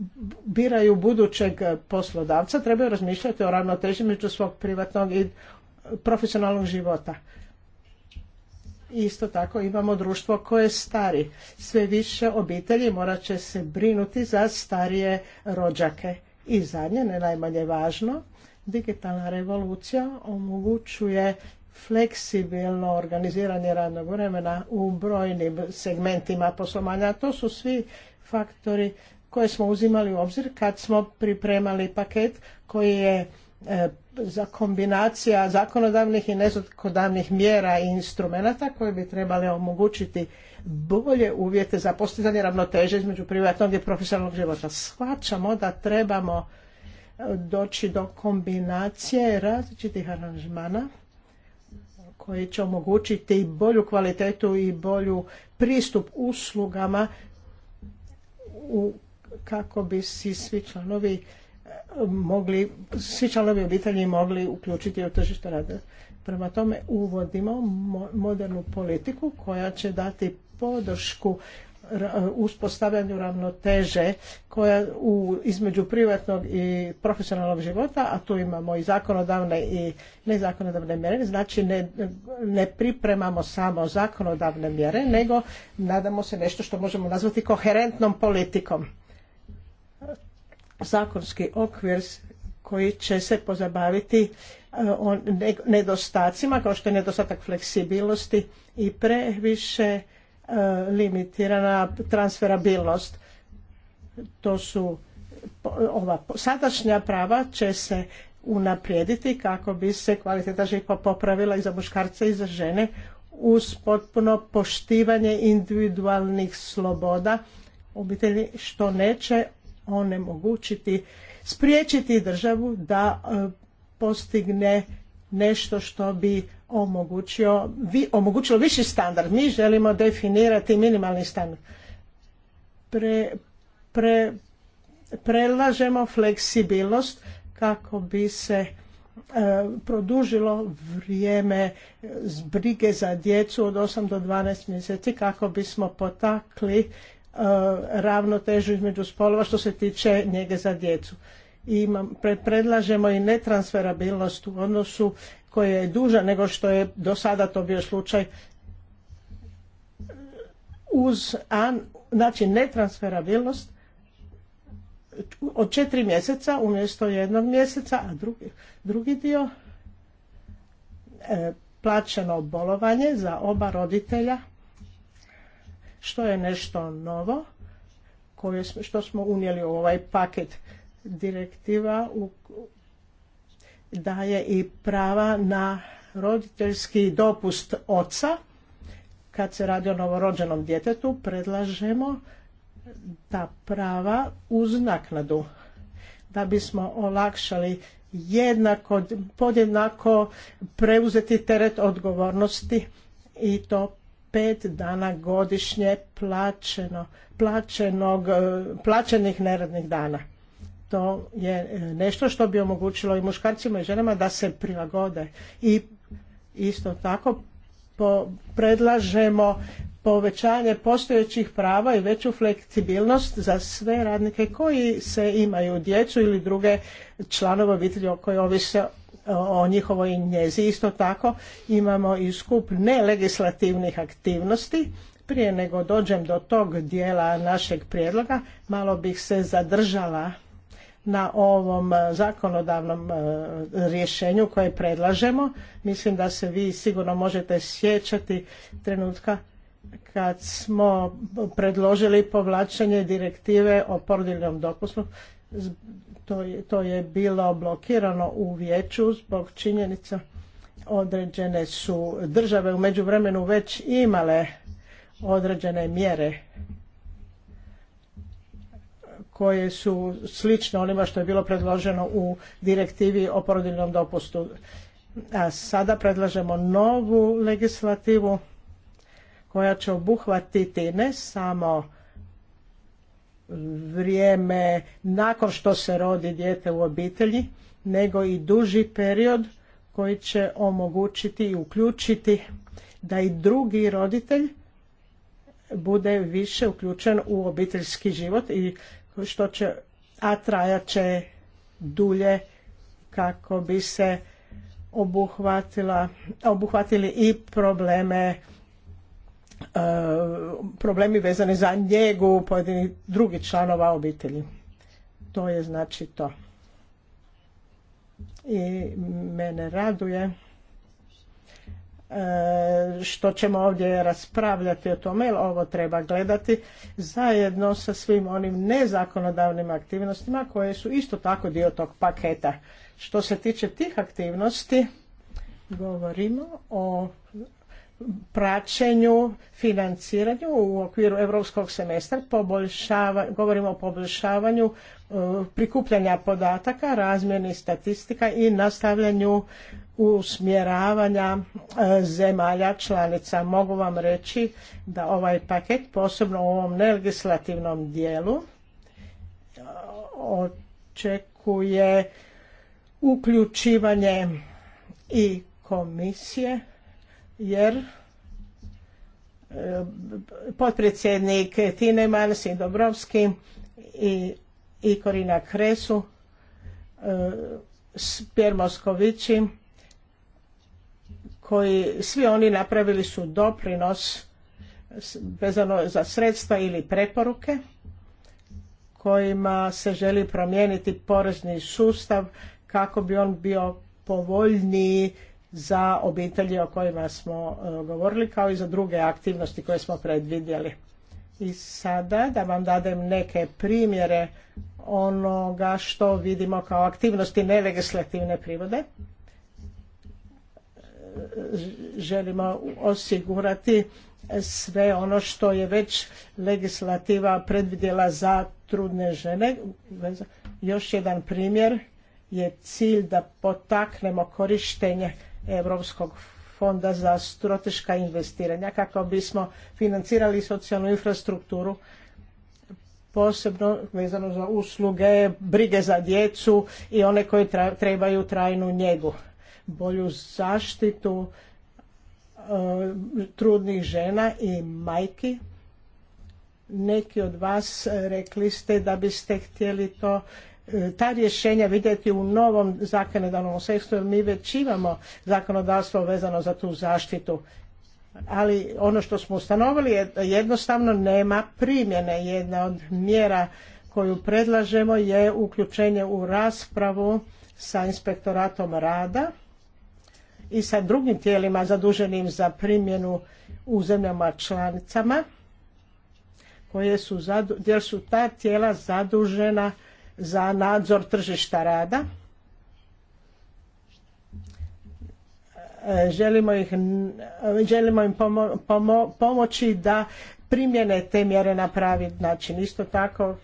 biraju budućeg poslodavca trebaju razmišljati o ravnoteži među svog privatnog i profesionalnog života. Isto tako imamo društvo koje stari. Sve više obitelji morat će se brinuti za starije rođake. I zadnje, ne najmanje važno, digitalna revolucija omogućuje fleksibilno organiziranje radnog vremena u brojnim segmentima poslovanja. To su svi faktori koje smo uzimali u obzir kad smo pripremali paket koji je e, za kombinacija zakonodavnih i nezakonodavnih mjera i instrumenata koji bi trebali omogućiti bolje uvjete za postizanje ravnoteže između privatnog i profesionalnog života. Shvaćamo da trebamo doći do kombinacije različitih aranžmana koji će omogućiti bolju kvalitetu i bolju pristup uslugama u, kako bi si svi članovi e, mogli, svi članovi obitelji mogli uključiti u tržište rada. Prema tome uvodimo modernu politiku koja će dati podršku uspostavljanju ravnoteže koja u, između privatnog i profesionalnog života, a tu imamo i zakonodavne i nezakonodavne mjere, znači ne, ne pripremamo samo zakonodavne mjere, nego nadamo se nešto što možemo nazvati koherentnom politikom. Zakonski okvir koji će se pozabaviti e, nedostacima, kao što je nedostatak fleksibilnosti i previše E, limitirana transferabilnost. To su ova sadašnja prava će se unaprijediti kako bi se kvaliteta života popravila i za muškarce i za žene uz potpuno poštivanje individualnih sloboda obitelji što neće onemogućiti, spriječiti državu da e, postigne nešto što bi omogućio, vi, omogućilo viši standard. Mi želimo definirati minimalni standard. Pre, prelažemo fleksibilnost kako bi se e, produžilo vrijeme zbrige za djecu od 8 do 12 mjeseci kako bismo potakli e, ravnotežu između spolova što se tiče njege za djecu imam, predlažemo i netransferabilnost u odnosu koja je duža nego što je do sada to bio slučaj uz an, znači netransferabilnost od četiri mjeseca umjesto jednog mjeseca, a drugi, drugi dio e, plaćeno bolovanje za oba roditelja što je nešto novo koje, što smo unijeli u ovaj paket direktiva daje i prava na roditeljski dopust oca kad se radi o novorođenom djetetu predlažemo ta prava uz naknadu da bismo olakšali jednako, podjednako preuzeti teret odgovornosti i to pet dana godišnje plaćenog, eh, plaćenih neradnih dana to je e, nešto što bi omogućilo i muškarcima i ženama da se prilagode. I isto tako predlažemo povećanje postojećih prava i veću fleksibilnost za sve radnike koji se imaju djecu ili druge članove obitelji koji ovise o njihovoj njezi. Isto tako imamo i skup nelegislativnih aktivnosti. Prije nego dođem do tog dijela našeg prijedloga, malo bih se zadržala na ovom e, zakonodavnom e, rješenju koje predlažemo. Mislim da se vi sigurno možete sjećati trenutka kad smo predložili povlačenje direktive o porodiljnom dopustu. To je, to je bilo blokirano u vijeću zbog činjenica određene su države u međuvremenu već imale određene mjere koje su slične onima što je bilo predloženo u direktivi o porodiljnom dopustu. A sada predlažemo novu legislativu koja će obuhvatiti ne samo vrijeme nakon što se rodi dijete u obitelji, nego i duži period koji će omogućiti i uključiti da i drugi roditelj bude više uključen u obiteljski život i što će, a trajat će dulje kako bi se obuhvatila, obuhvatili i probleme e, problemi vezani za njegu pojedinih drugih članova obitelji. To je znači to. I mene raduje što ćemo ovdje raspravljati o tome, jer ovo treba gledati zajedno sa svim onim nezakonodavnim aktivnostima koje su isto tako dio tog paketa. Što se tiče tih aktivnosti, govorimo o praćenju, financiranju u okviru europskog semestra, poboljšava, govorimo o poboljšavanju e, prikupljanja podataka, razmjeni statistika i nastavljanju usmjeravanja e, zemalja članica. Mogu vam reći da ovaj paket, posebno u ovom nelegislativnom dijelu, očekuje uključivanje i komisije jer eh, potpredsjednik Tine i Dobrovski i, i Korina Kresu eh, Pjer koji svi oni napravili su doprinos vezano za sredstva ili preporuke kojima se želi promijeniti porezni sustav kako bi on bio povoljniji za obitelji o kojima smo e, govorili kao i za druge aktivnosti koje smo predvidjeli. I sada da vam dadem neke primjere onoga što vidimo kao aktivnosti nelegislativne privode. E, želimo osigurati sve ono što je već legislativa predvidjela za trudne žene. Još jedan primjer je cilj da potaknemo korištenje Europskog fonda za strateška investiranja kako bismo financirali socijalnu infrastrukturu posebno vezano za usluge, brige za djecu i one koji trebaju trajnu njegu, bolju zaštitu e, trudnih žena i majki. Neki od vas rekli ste da biste htjeli to ta rješenja vidjeti u novom zakonodavnom sektoru jer mi već imamo zakonodavstvo vezano za tu zaštitu ali ono što smo ustanovili je jednostavno nema primjene jedna od mjera koju predlažemo je uključenje u raspravu sa inspektoratom rada i sa drugim tijelima zaduženim za primjenu u zemljama članicama koje jer su ta tijela zadužena za nadzor tržišta rada. E, želimo, ih, želimo im pomoći da primjene te mjere na pravi način. Isto tako,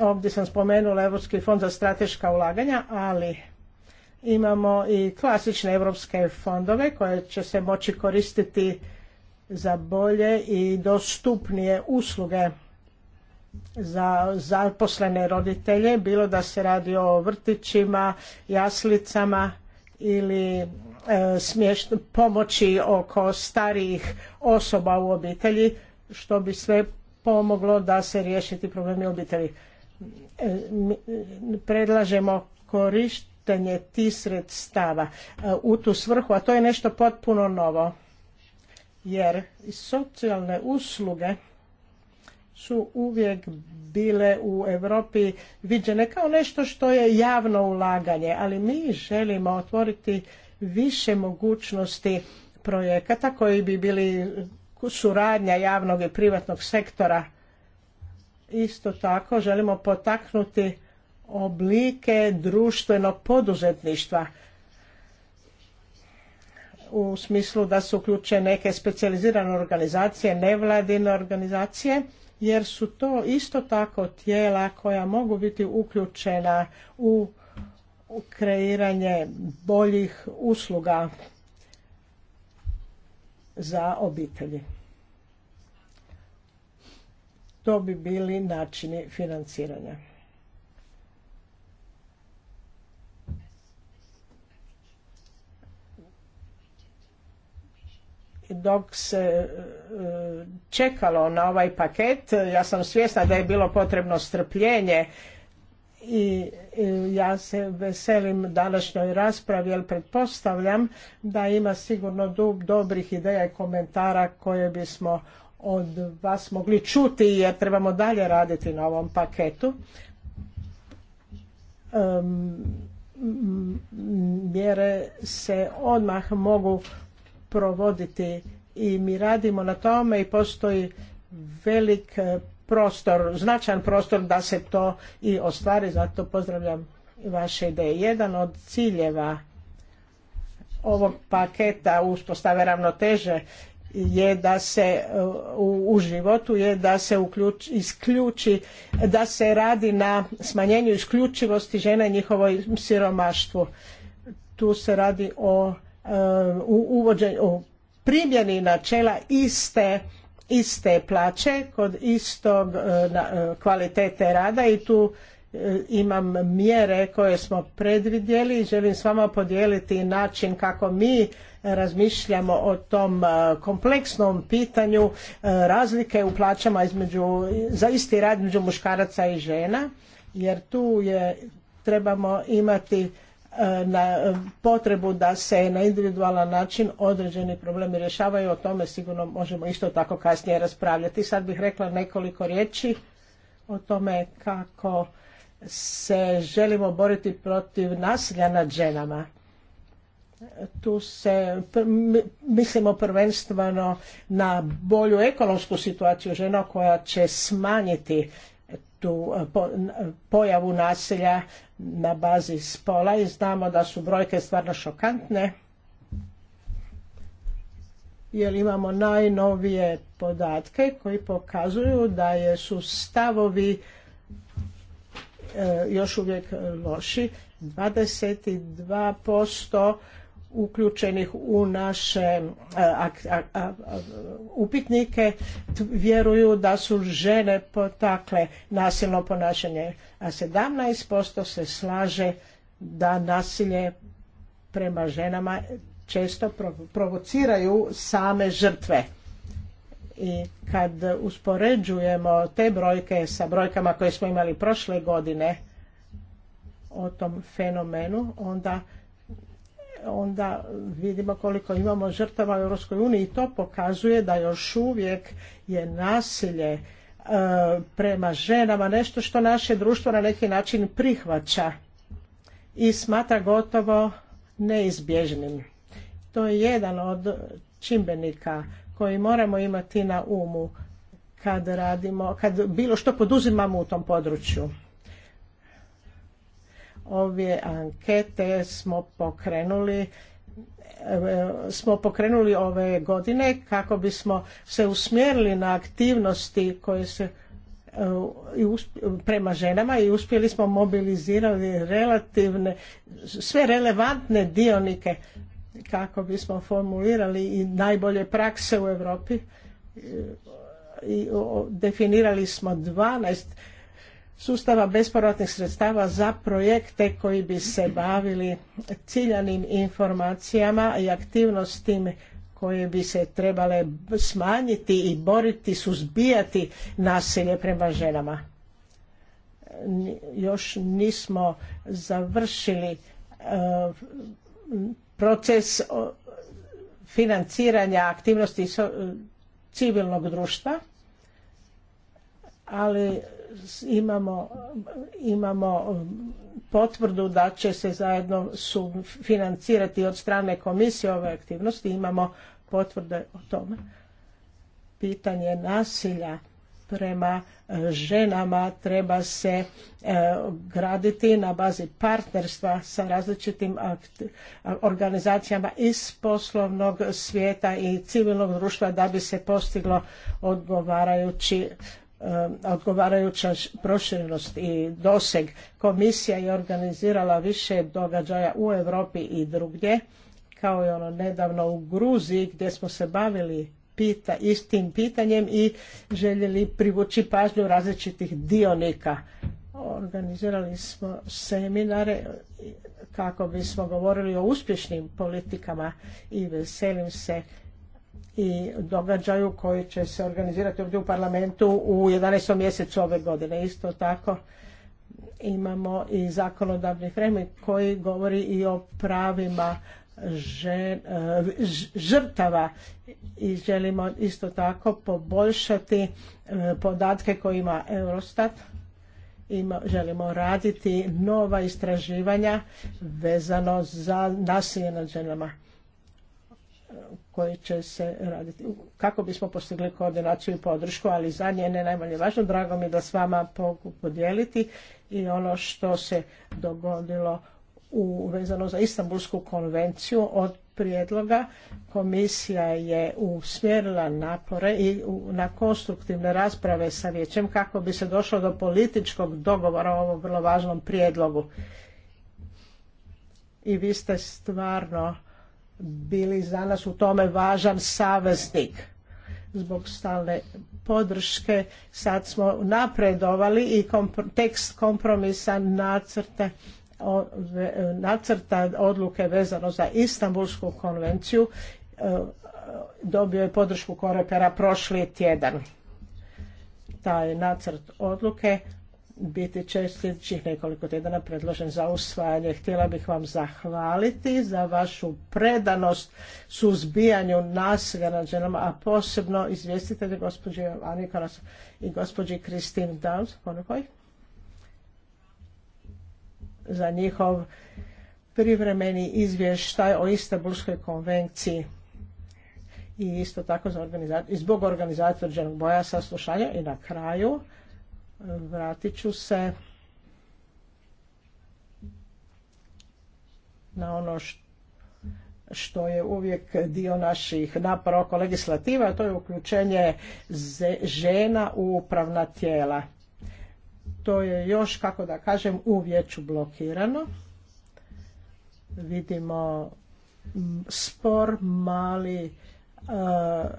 ovdje sam spomenula Europski fond za strateška ulaganja, ali imamo i klasične europske fondove koje će se moći koristiti za bolje i dostupnije usluge za zaposlene roditelje, bilo da se radi o vrtićima, jaslicama ili e, pomoći oko starijih osoba u obitelji, što bi sve pomoglo da se riješiti problemi obitelji. E, predlažemo korištenje tih sredstava e, u tu svrhu, a to je nešto potpuno novo, jer socijalne usluge su uvijek bile u Europi viđene kao nešto što je javno ulaganje, ali mi želimo otvoriti više mogućnosti projekata koji bi bili suradnja javnog i privatnog sektora. Isto tako želimo potaknuti oblike društvenog poduzetništva u smislu da su uključene neke specijalizirane organizacije, nevladine organizacije jer su to isto tako tijela koja mogu biti uključena u kreiranje boljih usluga za obitelji. To bi bili načini financiranja. dok se e, čekalo na ovaj paket, ja sam svjesna da je bilo potrebno strpljenje i ja se veselim današnjoj raspravi jer pretpostavljam da ima sigurno dub dobrih ideja i komentara koje bismo od vas mogli čuti jer trebamo dalje raditi na ovom paketu. mjere se odmah mogu provoditi i mi radimo na tome i postoji velik e, prostor, značajan prostor da se to i ostvari, zato pozdravljam vaše ideje. Jedan od ciljeva ovog paketa uspostave ravnoteže je da se e, u, životu je da se uključi, isključi, da se radi na smanjenju isključivosti žena i njihovom siromaštvu. Tu se radi o Eh, u uvođenju u primjeni načela iste iste plaće kod istog eh, eh, kvalitete rada i tu imam mjere koje smo predvidjeli i želim s vama podijeliti način kako mi razmišljamo o tom kompleksnom pitanju razlike u plaćama između, za isti rad između muškaraca i žena jer tu je trebamo imati Eh, na eh, potrebu da se na individualan način određeni problemi rješavaju. O tome sigurno možemo isto tako kasnije raspravljati. Sad bih rekla nekoliko riječi o tome kako se želimo boriti protiv nasilja nad ženama. Tu se mislimo prvenstveno na bolju ekološku situaciju žena koja će smanjiti tu eh, pojavu nasilja na bazi spola i znamo da su brojke stvarno šokantne jer imamo najnovije podatke koji pokazuju da je, su stavovi e, još uvijek loši. 22% uključenih u naše e, upitnike vjeruju da su žene potakle nasilno ponašanje, a 17% se slaže da nasilje prema ženama često provociraju same žrtve. I kad uspoređujemo te brojke sa brojkama koje smo imali prošle godine o tom fenomenu, onda onda vidimo koliko imamo žrtava u Europskoj uniji i to pokazuje da još uvijek je nasilje e, prema ženama nešto što naše društvo na neki način prihvaća i smatra gotovo neizbježnim. To je jedan od čimbenika koji moramo imati na umu kad radimo, kad bilo što poduzimamo u tom području. Ove ankete smo pokrenuli e, smo pokrenuli ove godine kako bismo se usmjerili na aktivnosti koje se e, i prema ženama i uspjeli smo mobilizirati relativne, sve relevantne dionike kako bismo formulirali i najbolje prakse u Europi e, i definirali smo 12 sustava bespovratnih sredstava za projekte koji bi se bavili ciljanim informacijama i aktivnostima koje bi se trebale smanjiti i boriti, suzbijati nasilje prema ženama. Još nismo završili e, proces financiranja aktivnosti e, civilnog društva, ali imamo, imamo um, potvrdu da će se zajedno financirati od strane komisije ove aktivnosti, imamo potvrde o tome. Pitanje nasilja prema uh, ženama treba se uh, graditi na bazi partnerstva sa različitim uh, organizacijama iz poslovnog svijeta i civilnog društva da bi se postiglo odgovarajući E, odgovarajuća proširenost i doseg. Komisija je organizirala više događaja u Europi i drugdje, kao i ono nedavno u Gruziji gdje smo se bavili pita, istim pitanjem i željeli privući pažnju različitih dionika. Organizirali smo seminare kako bismo govorili o uspješnim politikama i veselim se i događaju koji će se organizirati ovdje u parlamentu u 11. mjesecu ove godine. Isto tako imamo i zakonodavni fremi koji govori i o pravima e, žrtava i želimo isto tako poboljšati e, podatke koje ima Eurostat ima, želimo raditi nova istraživanja vezano za nasilje nad ženama koji će se raditi kako bismo postigli koordinaciju i podršku, ali za njene najmanje važno. Drago mi da s vama mogu podijeliti i ono što se dogodilo u, vezano za Istanbulsku konvenciju od prijedloga. Komisija je usmjerila napore i na konstruktivne rasprave sa vijećem kako bi se došlo do političkog dogovora o ovom vrlo važnom prijedlogu. I vi ste stvarno bili za nas u tome važan saveznik zbog stalne podrške. Sad smo napredovali i tekst kompromisa nacrta, nacrta odluke vezano za Istanbulsku konvenciju e, dobio je podršku korepera prošli tjedan. Taj nacrt odluke biti će sljedećih nekoliko tjedana predložen za usvajanje. Htjela bih vam zahvaliti za vašu predanost suzbijanju nasilja nad ženama, a posebno izvjestitelje gospođe Ani i gospođi Kristin Downs za njihov privremeni izvještaj o Istanbulskoj konvenciji i isto tako za zbog organizatora boja saslušanja i na kraju Vratit ću se na ono što je uvijek dio naših napora oko legislativa, a to je uključenje žena u upravna tijela. To je još, kako da kažem, u blokirano. Vidimo spor mali E,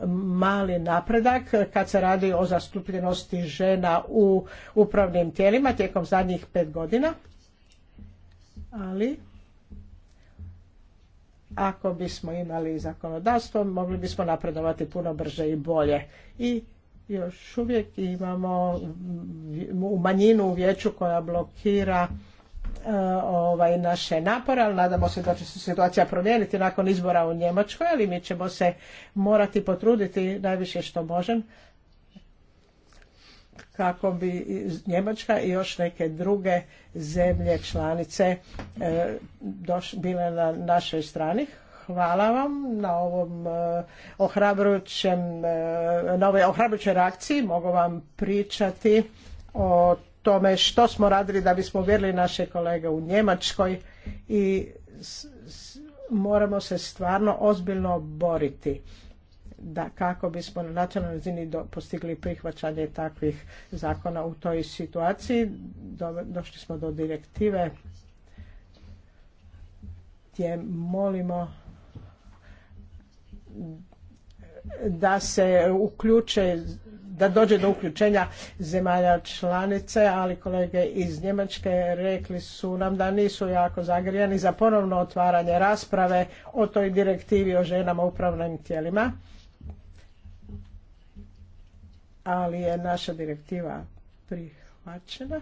mali napredak kad se radi o zastupljenosti žena u upravnim tijelima tijekom zadnjih pet godina. Ali ako bismo imali zakonodavstvo mogli bismo napredovati puno brže i bolje. I još uvijek imamo manjinu u vijeću koja blokira E, ovaj, naše napore, ali nadamo se da će se situacija promijeniti nakon izbora u Njemačkoj, ali mi ćemo se morati potruditi najviše što možem kako bi Njemačka i još neke druge zemlje članice e, bile na našoj strani. Hvala vam na ovom e, ohrabrujućem, na ovoj ohrabrućoj reakciji. Mogu vam pričati o tome što smo radili da bismo uvjerili naše kolege u Njemačkoj i moramo se stvarno ozbiljno boriti da kako bismo na nacionalnoj razini postigli prihvaćanje takvih zakona u toj situaciji. došli smo do direktive gdje molimo da se uključe da dođe do uključenja zemalja članice, ali kolege iz Njemačke rekli su nam da nisu jako zagrijani za ponovno otvaranje rasprave o toj direktivi o ženama u upravnim tijelima. Ali je naša direktiva prihvaćena.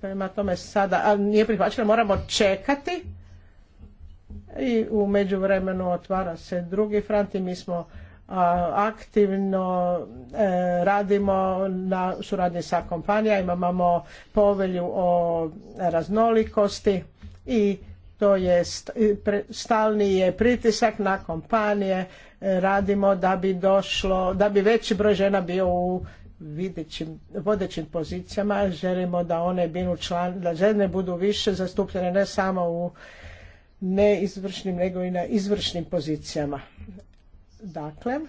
Prema tome sada, ali nije prihvaćena, moramo čekati i u međuvremenu otvara se drugi front i mi smo aktivno e, radimo na suradnji sa kompanijama, imamo povelju o raznolikosti i to je stalni je pritisak na kompanije, e, radimo da bi došlo, da bi veći broj žena bio u vodećim pozicijama, želimo da one binu član, da žene budu više zastupljene ne samo u neizvršnim nego i na izvršnim pozicijama. Dakle,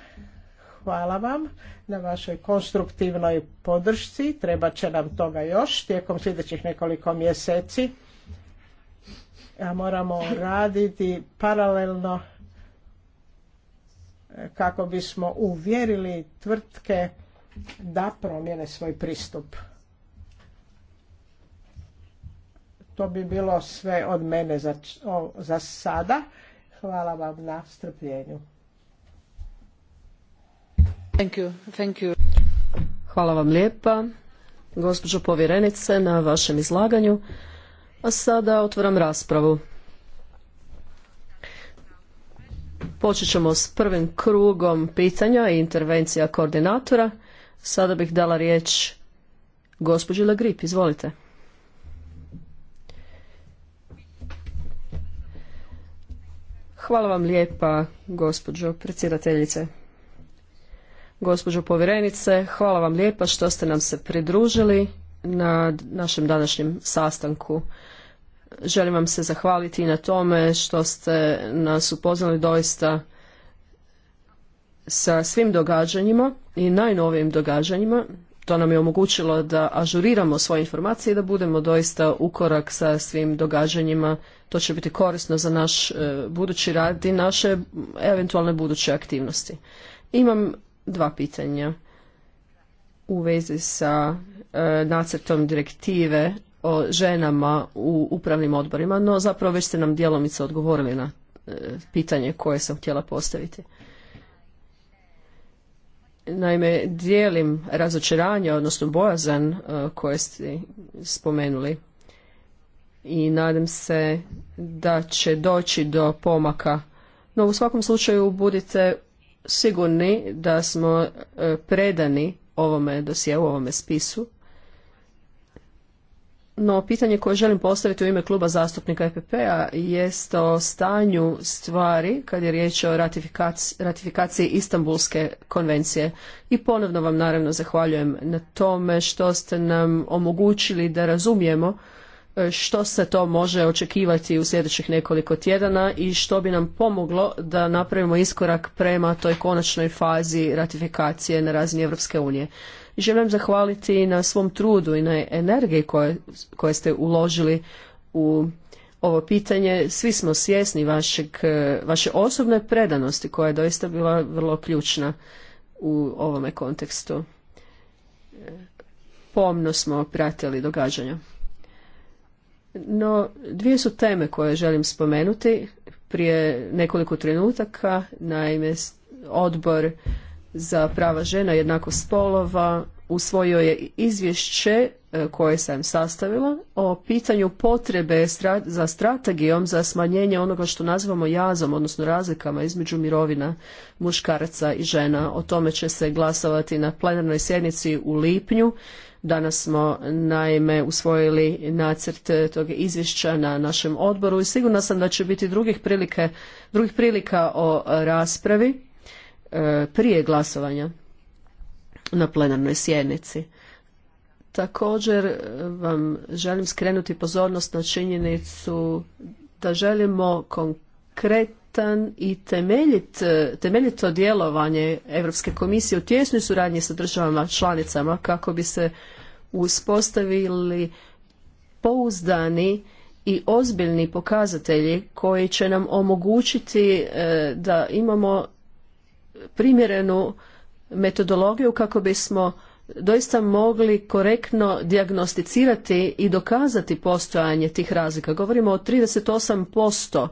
hvala vam na vašoj konstruktivnoj podršci. Treba će nam toga još tijekom sljedećih nekoliko mjeseci. A moramo raditi paralelno e, kako bismo uvjerili tvrtke da promijene svoj pristup. To bi bilo sve od mene za, za sada. Hvala vam na strpljenju. Hvala vam lijepa, gospođo povjerenice, na vašem izlaganju. A sada otvaram raspravu. Počet ćemo s prvim krugom pitanja i intervencija koordinatora. Sada bih dala riječ gospođi Lagrip, izvolite. Hvala vam lijepa, gospođo predsjedateljice. Gospođo povjerenice, hvala vam lijepa što ste nam se pridružili na našem današnjem sastanku. Želim vam se zahvaliti i na tome što ste nas upoznali doista sa svim događanjima i najnovijim događanjima. To nam je omogućilo da ažuriramo svoje informacije i da budemo doista u korak sa svim događanjima. To će biti korisno za naš e, budući rad i naše eventualne buduće aktivnosti. Imam dva pitanja u vezi sa e, nacrtom direktive o ženama u upravnim odborima, no zapravo već ste nam djelomice odgovorili na e, pitanje koje sam htjela postaviti. Naime, dijelim razočaranje, odnosno bojazan e, koje ste spomenuli i nadam se da će doći do pomaka. No u svakom slučaju budite sigurni da smo e, predani ovome dosjeu, ovome spisu. No, pitanje koje želim postaviti u ime kluba zastupnika EPP-a jest o stanju stvari kad je riječ o ratifikaciji Istanbulske konvencije. I ponovno vam naravno zahvaljujem na tome što ste nam omogućili da razumijemo E, što se to može očekivati u sljedećih nekoliko tjedana i što bi nam pomoglo da napravimo iskorak prema toj konačnoj fazi ratifikacije na razini Europske unije. Želim zahvaliti na svom trudu i na energiji koje, ste uložili u ovo pitanje. Svi smo svjesni vašeg, e, vaše osobne predanosti koja je doista bila vrlo ključna u ovome kontekstu. E, pomno smo pratili događanja. No, dvije su teme koje želim spomenuti prije nekoliko trenutaka, naime odbor za prava žena jednako jednakost spolova usvojio je izvješće e, koje sam sastavila o pitanju potrebe za strategijom za smanjenje onoga što nazivamo jazom, odnosno razlikama između mirovina muškaraca i žena. O tome će se glasovati na plenarnoj sjednici u lipnju Danas smo naime usvojili nacrt eh, tog izvješća na našem odboru i sigurna sam da će biti drugih, prilike, drugih prilika o raspravi eh, prije glasovanja na plenarnoj sjednici. Također eh, vam želim skrenuti pozornost na činjenicu da želimo konkretno i e, temeljito djelovanje Europske komisije u tjesnoj suradnji sa državama članicama kako bi se uspostavili pouzdani i ozbiljni pokazatelji koji će nam omogućiti e, da imamo primjerenu metodologiju kako bismo doista mogli korektno dijagnosticirati i dokazati postojanje tih razlika. Govorimo o 38%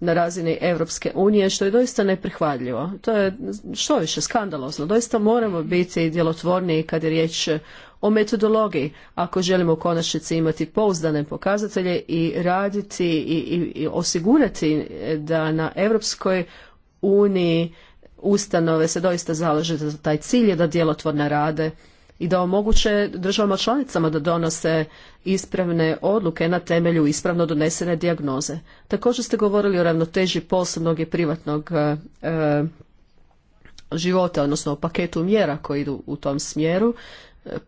na razini Europske unije, što je doista neprihvatljivo. To je što više skandalozno. Doista moramo biti djelotvorniji kad je riječ o metodologiji, ako želimo u konačnici imati pouzdane pokazatelje i raditi i, osigurati da na Europskoj uniji ustanove se doista zalaže za taj cilj je da djelotvorno rade i da omoguće državama članicama da donose ispravne odluke na temelju ispravno donesene dijagnoze. Također ste govorili o ravnoteži posebnog i privatnog e, e, života, odnosno o paketu mjera koji idu u tom smjeru.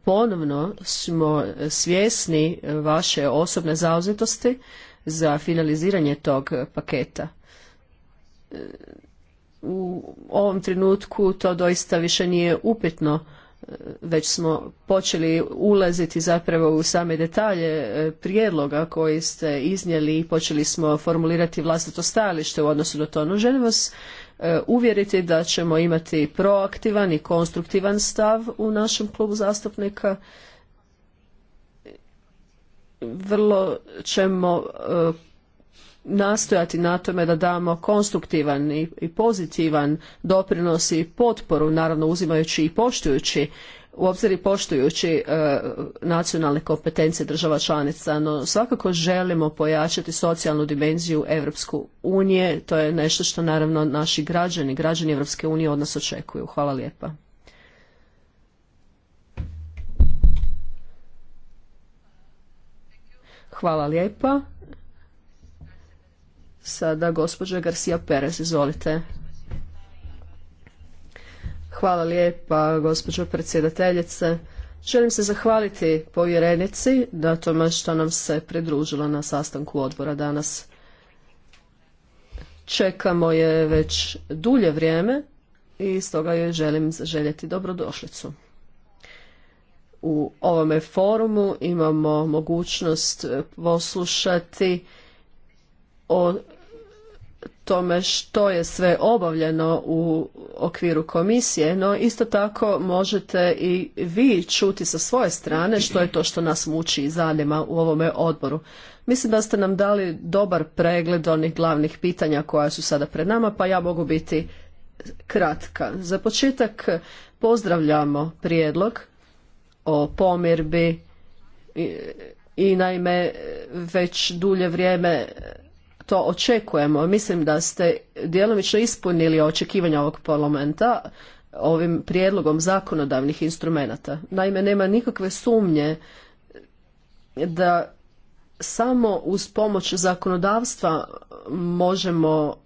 Ponovno smo svjesni vaše osobne zauzetosti za finaliziranje tog paketa. E, u ovom trenutku to doista više nije upitno već smo počeli ulaziti zapravo u same detalje e, prijedloga koji ste iznijeli i počeli smo formulirati vlastito stajalište u odnosu na to. No želim vas e, uvjeriti da ćemo imati proaktivan i konstruktivan stav u našem klubu zastupnika. Vrlo ćemo e, nastojati na tome da damo konstruktivan i pozitivan doprinos i potporu, naravno uzimajući i poštujući u obzir i poštujući e, nacionalne kompetencije država članica, no svakako želimo pojačati socijalnu dimenziju Europsku unije. To je nešto što naravno naši građani, građani Europske unije od nas očekuju. Hvala lijepa. Hvala lijepa. Sada gospođa Garcia Perez, izvolite. Hvala lijepa gospođo predsjedateljice. Želim se zahvaliti povjerenici da tome što nam se pridružila na sastanku odbora danas. Čekamo je već dulje vrijeme i stoga joj želim zaželjeti dobrodošlicu. U ovome forumu imamo mogućnost poslušati o tome što je sve obavljeno u okviru komisije, no isto tako možete i vi čuti sa svoje strane što je to što nas muči i zanima u ovome odboru. Mislim da ste nam dali dobar pregled onih glavnih pitanja koja su sada pred nama, pa ja mogu biti kratka. Za početak pozdravljamo prijedlog o pomirbi i, i naime već dulje vrijeme to očekujemo. Mislim da ste djelomično ispunili očekivanja ovog parlamenta ovim prijedlogom zakonodavnih instrumenata. Naime, nema nikakve sumnje da samo uz pomoć zakonodavstva možemo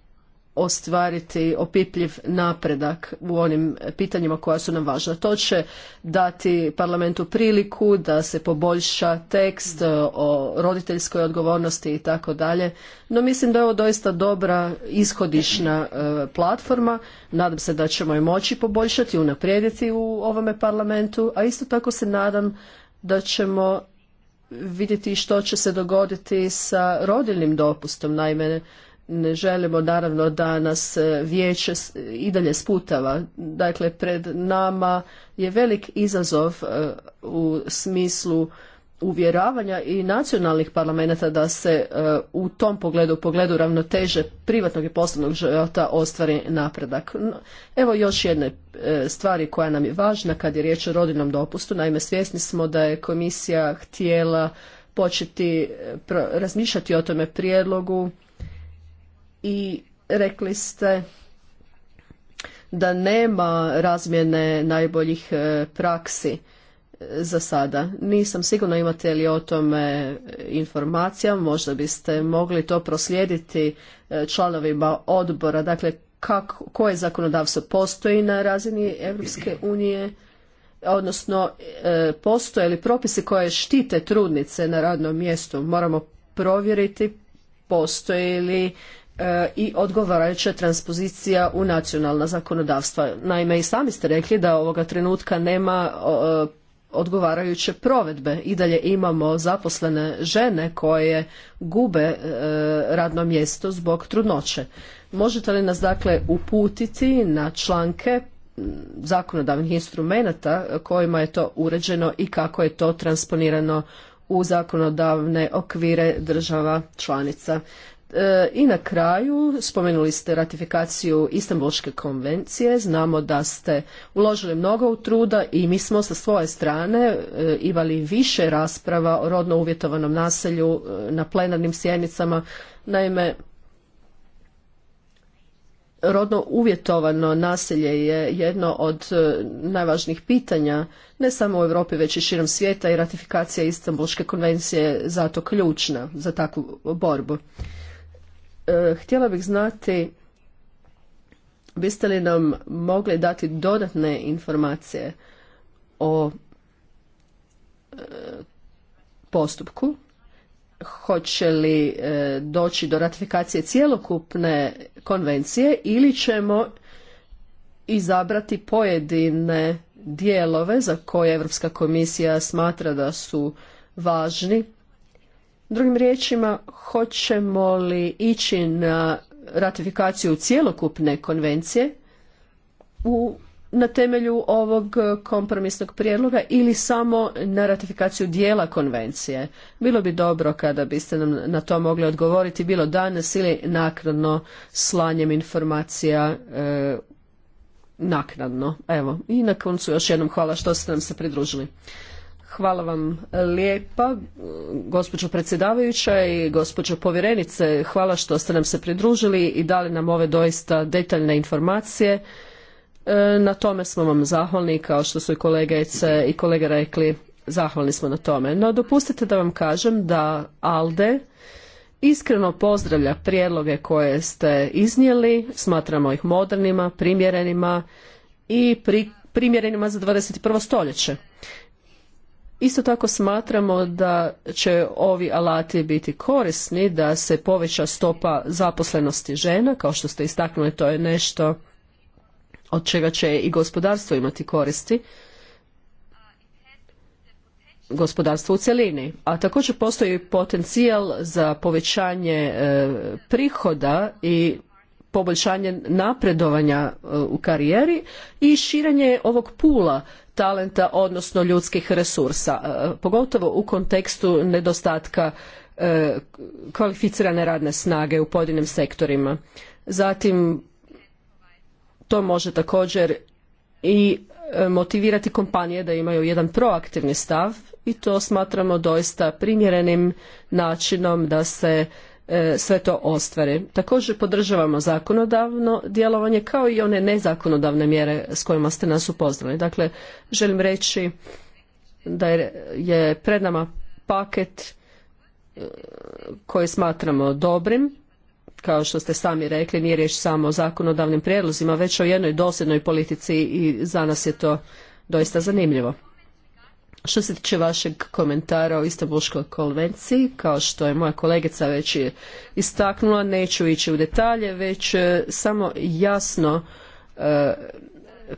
ostvariti opipljiv napredak u onim pitanjima koja su nam važna. To će dati parlamentu priliku da se poboljša tekst o roditeljskoj odgovornosti i tako dalje. No mislim da je ovo doista dobra ishodišna e, platforma. Nadam se da ćemo je moći poboljšati, unaprijediti u ovome parlamentu, a isto tako se nadam da ćemo vidjeti što će se dogoditi sa rodiljnim dopustom. Naime, ne želimo naravno da nas e, vijeće i dalje sputava. Dakle, pred nama je velik izazov e, u smislu uvjeravanja i nacionalnih parlamenta da se e, u tom pogledu, u pogledu ravnoteže privatnog i poslovnog života ostvari napredak. Evo još jedne stvari koja nam je važna kad je riječ o rodinom dopustu. Naime, svjesni smo da je komisija htjela početi razmišljati o tome prijedlogu i rekli ste da nema razmjene najboljih e, praksi e, za sada. Nisam sigurna imate li o tome informacija, možda biste mogli to proslijediti e, članovima odbora. Dakle, koje zakonodavstvo postoji na razini Europske unije, odnosno postoje li propisi koje štite trudnice na radnom mjestu. Moramo provjeriti postoji li E, i odgovarajuća transpozicija u nacionalna zakonodavstva. Naime, i sami ste rekli da ovoga trenutka nema e, odgovarajuće provedbe. I dalje imamo zaposlene žene koje gube e, radno mjesto zbog trudnoće. Možete li nas dakle uputiti na članke zakonodavnih instrumenata kojima je to uređeno i kako je to transponirano u zakonodavne okvire država članica. E, I na kraju spomenuli ste ratifikaciju Istanbulske konvencije. Znamo da ste uložili mnogo truda i mi smo sa svoje strane e, imali više rasprava o rodno uvjetovanom naselju e, na plenarnim sjednicama. Naime, rodno uvjetovano nasilje je jedno od najvažnijih pitanja ne samo u Europi već i širom svijeta i ratifikacija Istanbulske konvencije je zato ključna za takvu borbu. Eh, htjela bih znati biste li nam mogli dati dodatne informacije o eh, postupku hoće li eh, doći do ratifikacije cjelokupne konvencije ili ćemo izabrati pojedine dijelove za koje Europska komisija smatra da su važni Drugim riječima, hoćemo li ići na ratifikaciju cjelokupne konvencije u, na temelju ovog kompromisnog prijedloga ili samo na ratifikaciju dijela konvencije. Bilo bi dobro kada biste nam na to mogli odgovoriti bilo danas ili naknadno slanjem informacija e, naknadno. Evo, i na koncu još jednom hvala što ste nam se pridružili. Hvala vam lijepa, gospođo predsjedavajuća i gospođo povjerenice. Hvala što ste nam se pridružili i dali nam ove doista detaljne informacije. E, na tome smo vam zahvalni, kao što su i kolegice i kolege rekli, zahvalni smo na tome. No, dopustite da vam kažem da ALDE iskreno pozdravlja prijedloge koje ste iznijeli, smatramo ih modernima, primjerenima i primjerenima za 21. stoljeće. Isto tako smatramo da će ovi alati biti korisni da se poveća stopa zaposlenosti žena, kao što ste istaknuli to je nešto od čega će i gospodarstvo imati koristi gospodarstvo u cjelini. A također postoji potencijal za povećanje e, prihoda i poboljšanje napredovanja e, u karijeri i širenje ovog pula talenta odnosno ljudskih resursa e, pogotovo u kontekstu nedostatka e, kvalificirane radne snage u pojedinim sektorima zatim to može također i e, motivirati kompanije da imaju jedan proaktivni stav i to smatramo doista primjerenim načinom da se E, sve to ostvare. Također podržavamo zakonodavno djelovanje kao i one nezakonodavne mjere s kojima ste nas upoznali. Dakle, želim reći da je pred nama paket e, koji smatramo dobrim, kao što ste sami rekli, nije riječ samo o zakonodavnim prijedlozima, već o jednoj dosljednoj politici i za nas je to doista zanimljivo. Što se tiče vašeg komentara o Istanbulskoj konvenciji, kao što je moja kolegica već istaknula, neću ići u detalje, već e, samo jasno e,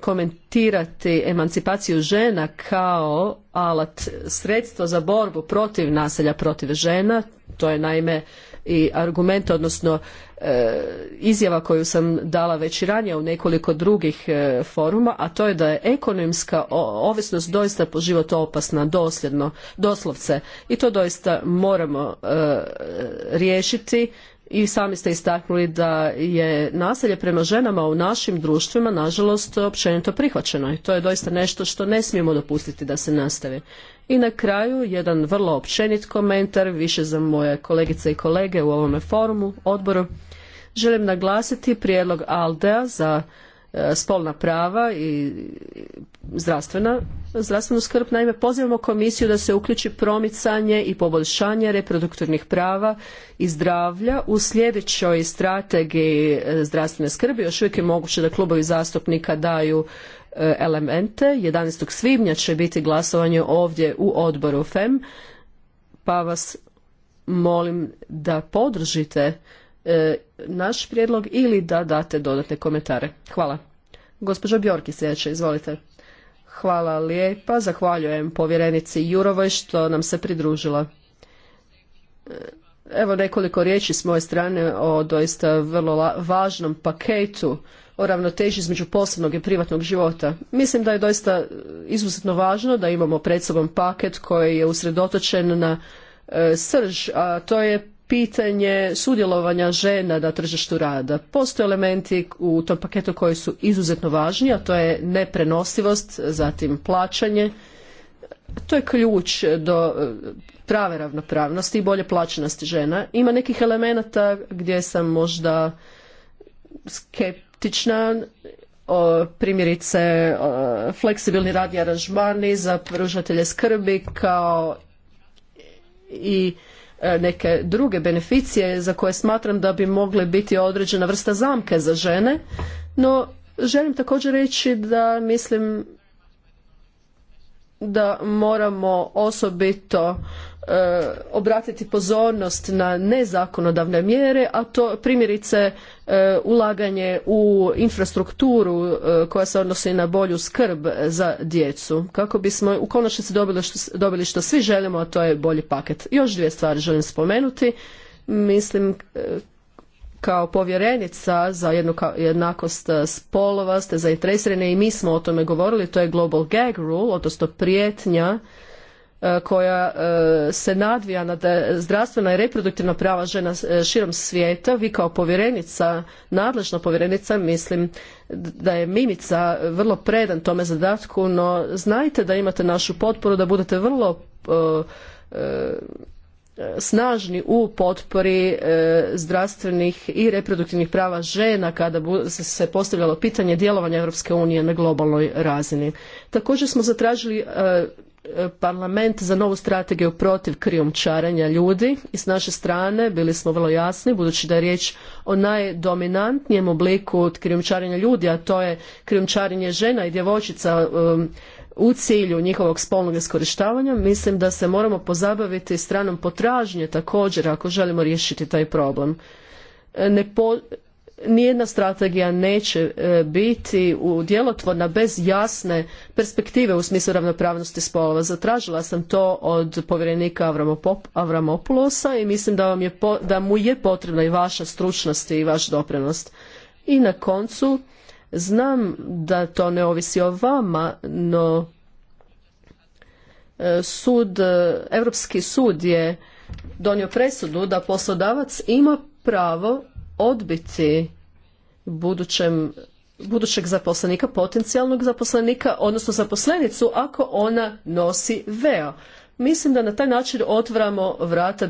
komentirati emancipaciju žena kao alat sredstvo za borbu protiv nasilja protiv žena. To je naime i argument, odnosno e, izjava koju sam dala već ranije u nekoliko drugih e, foruma, a to je da je ekonomska ovisnost doista po život opasna, dosljedno, doslovce. I to doista moramo e, riješiti i sami ste istaknuli da je nasilje prema ženama u našim društvima nažalost općenito prihvaćeno i to je doista nešto što ne smijemo dopustiti da se nastavi. I na kraju jedan vrlo općenit komentar, više za moje kolegice i kolege u ovome forumu, odboru. Želim naglasiti prijedlog ALDEA za e, spolna prava i zdravstvena, zdravstvenu skrb. Naime, pozivamo komisiju da se uključi promicanje i poboljšanje reproduktivnih prava i zdravlja u sljedećoj strategiji e, zdravstvene skrbi. Još uvijek je moguće da klubovi zastupnika daju elemente. 11. svibnja će biti glasovanje ovdje u odboru FEM, pa vas molim da podržite e, naš prijedlog ili da date dodatne komentare. Hvala. Gospođo Bjorki sljedeća, izvolite. Hvala lijepa, zahvaljujem povjerenici Jurovoj što nam se pridružila. E, evo nekoliko riječi s moje strane o doista vrlo važnom paketu o ravnoteži između poslovnog i privatnog života. Mislim da je doista izuzetno važno da imamo pred sobom paket koji je usredotočen na e, srž, a to je pitanje sudjelovanja žena na tržištu rada. Postoje elementi u tom paketu koji su izuzetno važni, a to je neprenosivost, zatim plaćanje. To je ključ do e, prave ravnopravnosti i bolje plaćenosti žena. Ima nekih elemenata gdje sam možda skep, o primjerice fleksibilni radni aranžmani za pružatelje skrbi kao i e, neke druge beneficije za koje smatram da bi mogle biti određena vrsta zamke za žene, no želim također reći da mislim da moramo osobito Eh, obratiti pozornost na nezakonodavne mjere, a to primjerice eh, ulaganje u infrastrukturu eh, koja se odnosi na bolju skrb za djecu, kako bismo u konačnici dobili što, dobili što svi želimo, a to je bolji paket. Još dvije stvari želim spomenuti. Mislim kao povjerenica za jednakost spolova ste zainteresirani i mi smo o tome govorili, to je global gag rule, odnosno prijetnja E, koja e, se nadvija nad e, zdravstvena i reproduktivna prava žena širom svijeta, vi kao povjerenica, nadležna povjerenica, mislim da je Mimica vrlo predan tome zadatku, no znajte da imate našu potporu, da budete vrlo snažni u potpori zdravstvenih i reproduktivnih prava žena kada se postavljalo pitanje djelovanja Europske unije na globalnoj razini. Također smo zatražili parlament za novu strategiju protiv krijumčarenja ljudi i s naše strane bili smo vrlo jasni budući da je riječ o najdominantnijem obliku krijumčarenja ljudi a to je krijumčarenje žena i djevojčica um, u cilju njihovog spolnog iskorištavanja mislim da se moramo pozabaviti stranom potražnje također ako želimo riješiti taj problem ne nijedna strategija neće e, biti djelotvorna bez jasne perspektive u smislu ravnopravnosti spolova. Zatražila sam to od povjerenika Avramopulosa i mislim da, je, da mu je potrebna i vaša stručnost i vaš doprinos. I na koncu, znam da to ne ovisi o vama, no e, sud, e, Europski sud je donio presudu da poslodavac ima pravo odbiti budućem budućeg zaposlenika, potencijalnog zaposlenika, odnosno zaposlenicu ako ona nosi veo. Mislim da na taj način otvaramo vrata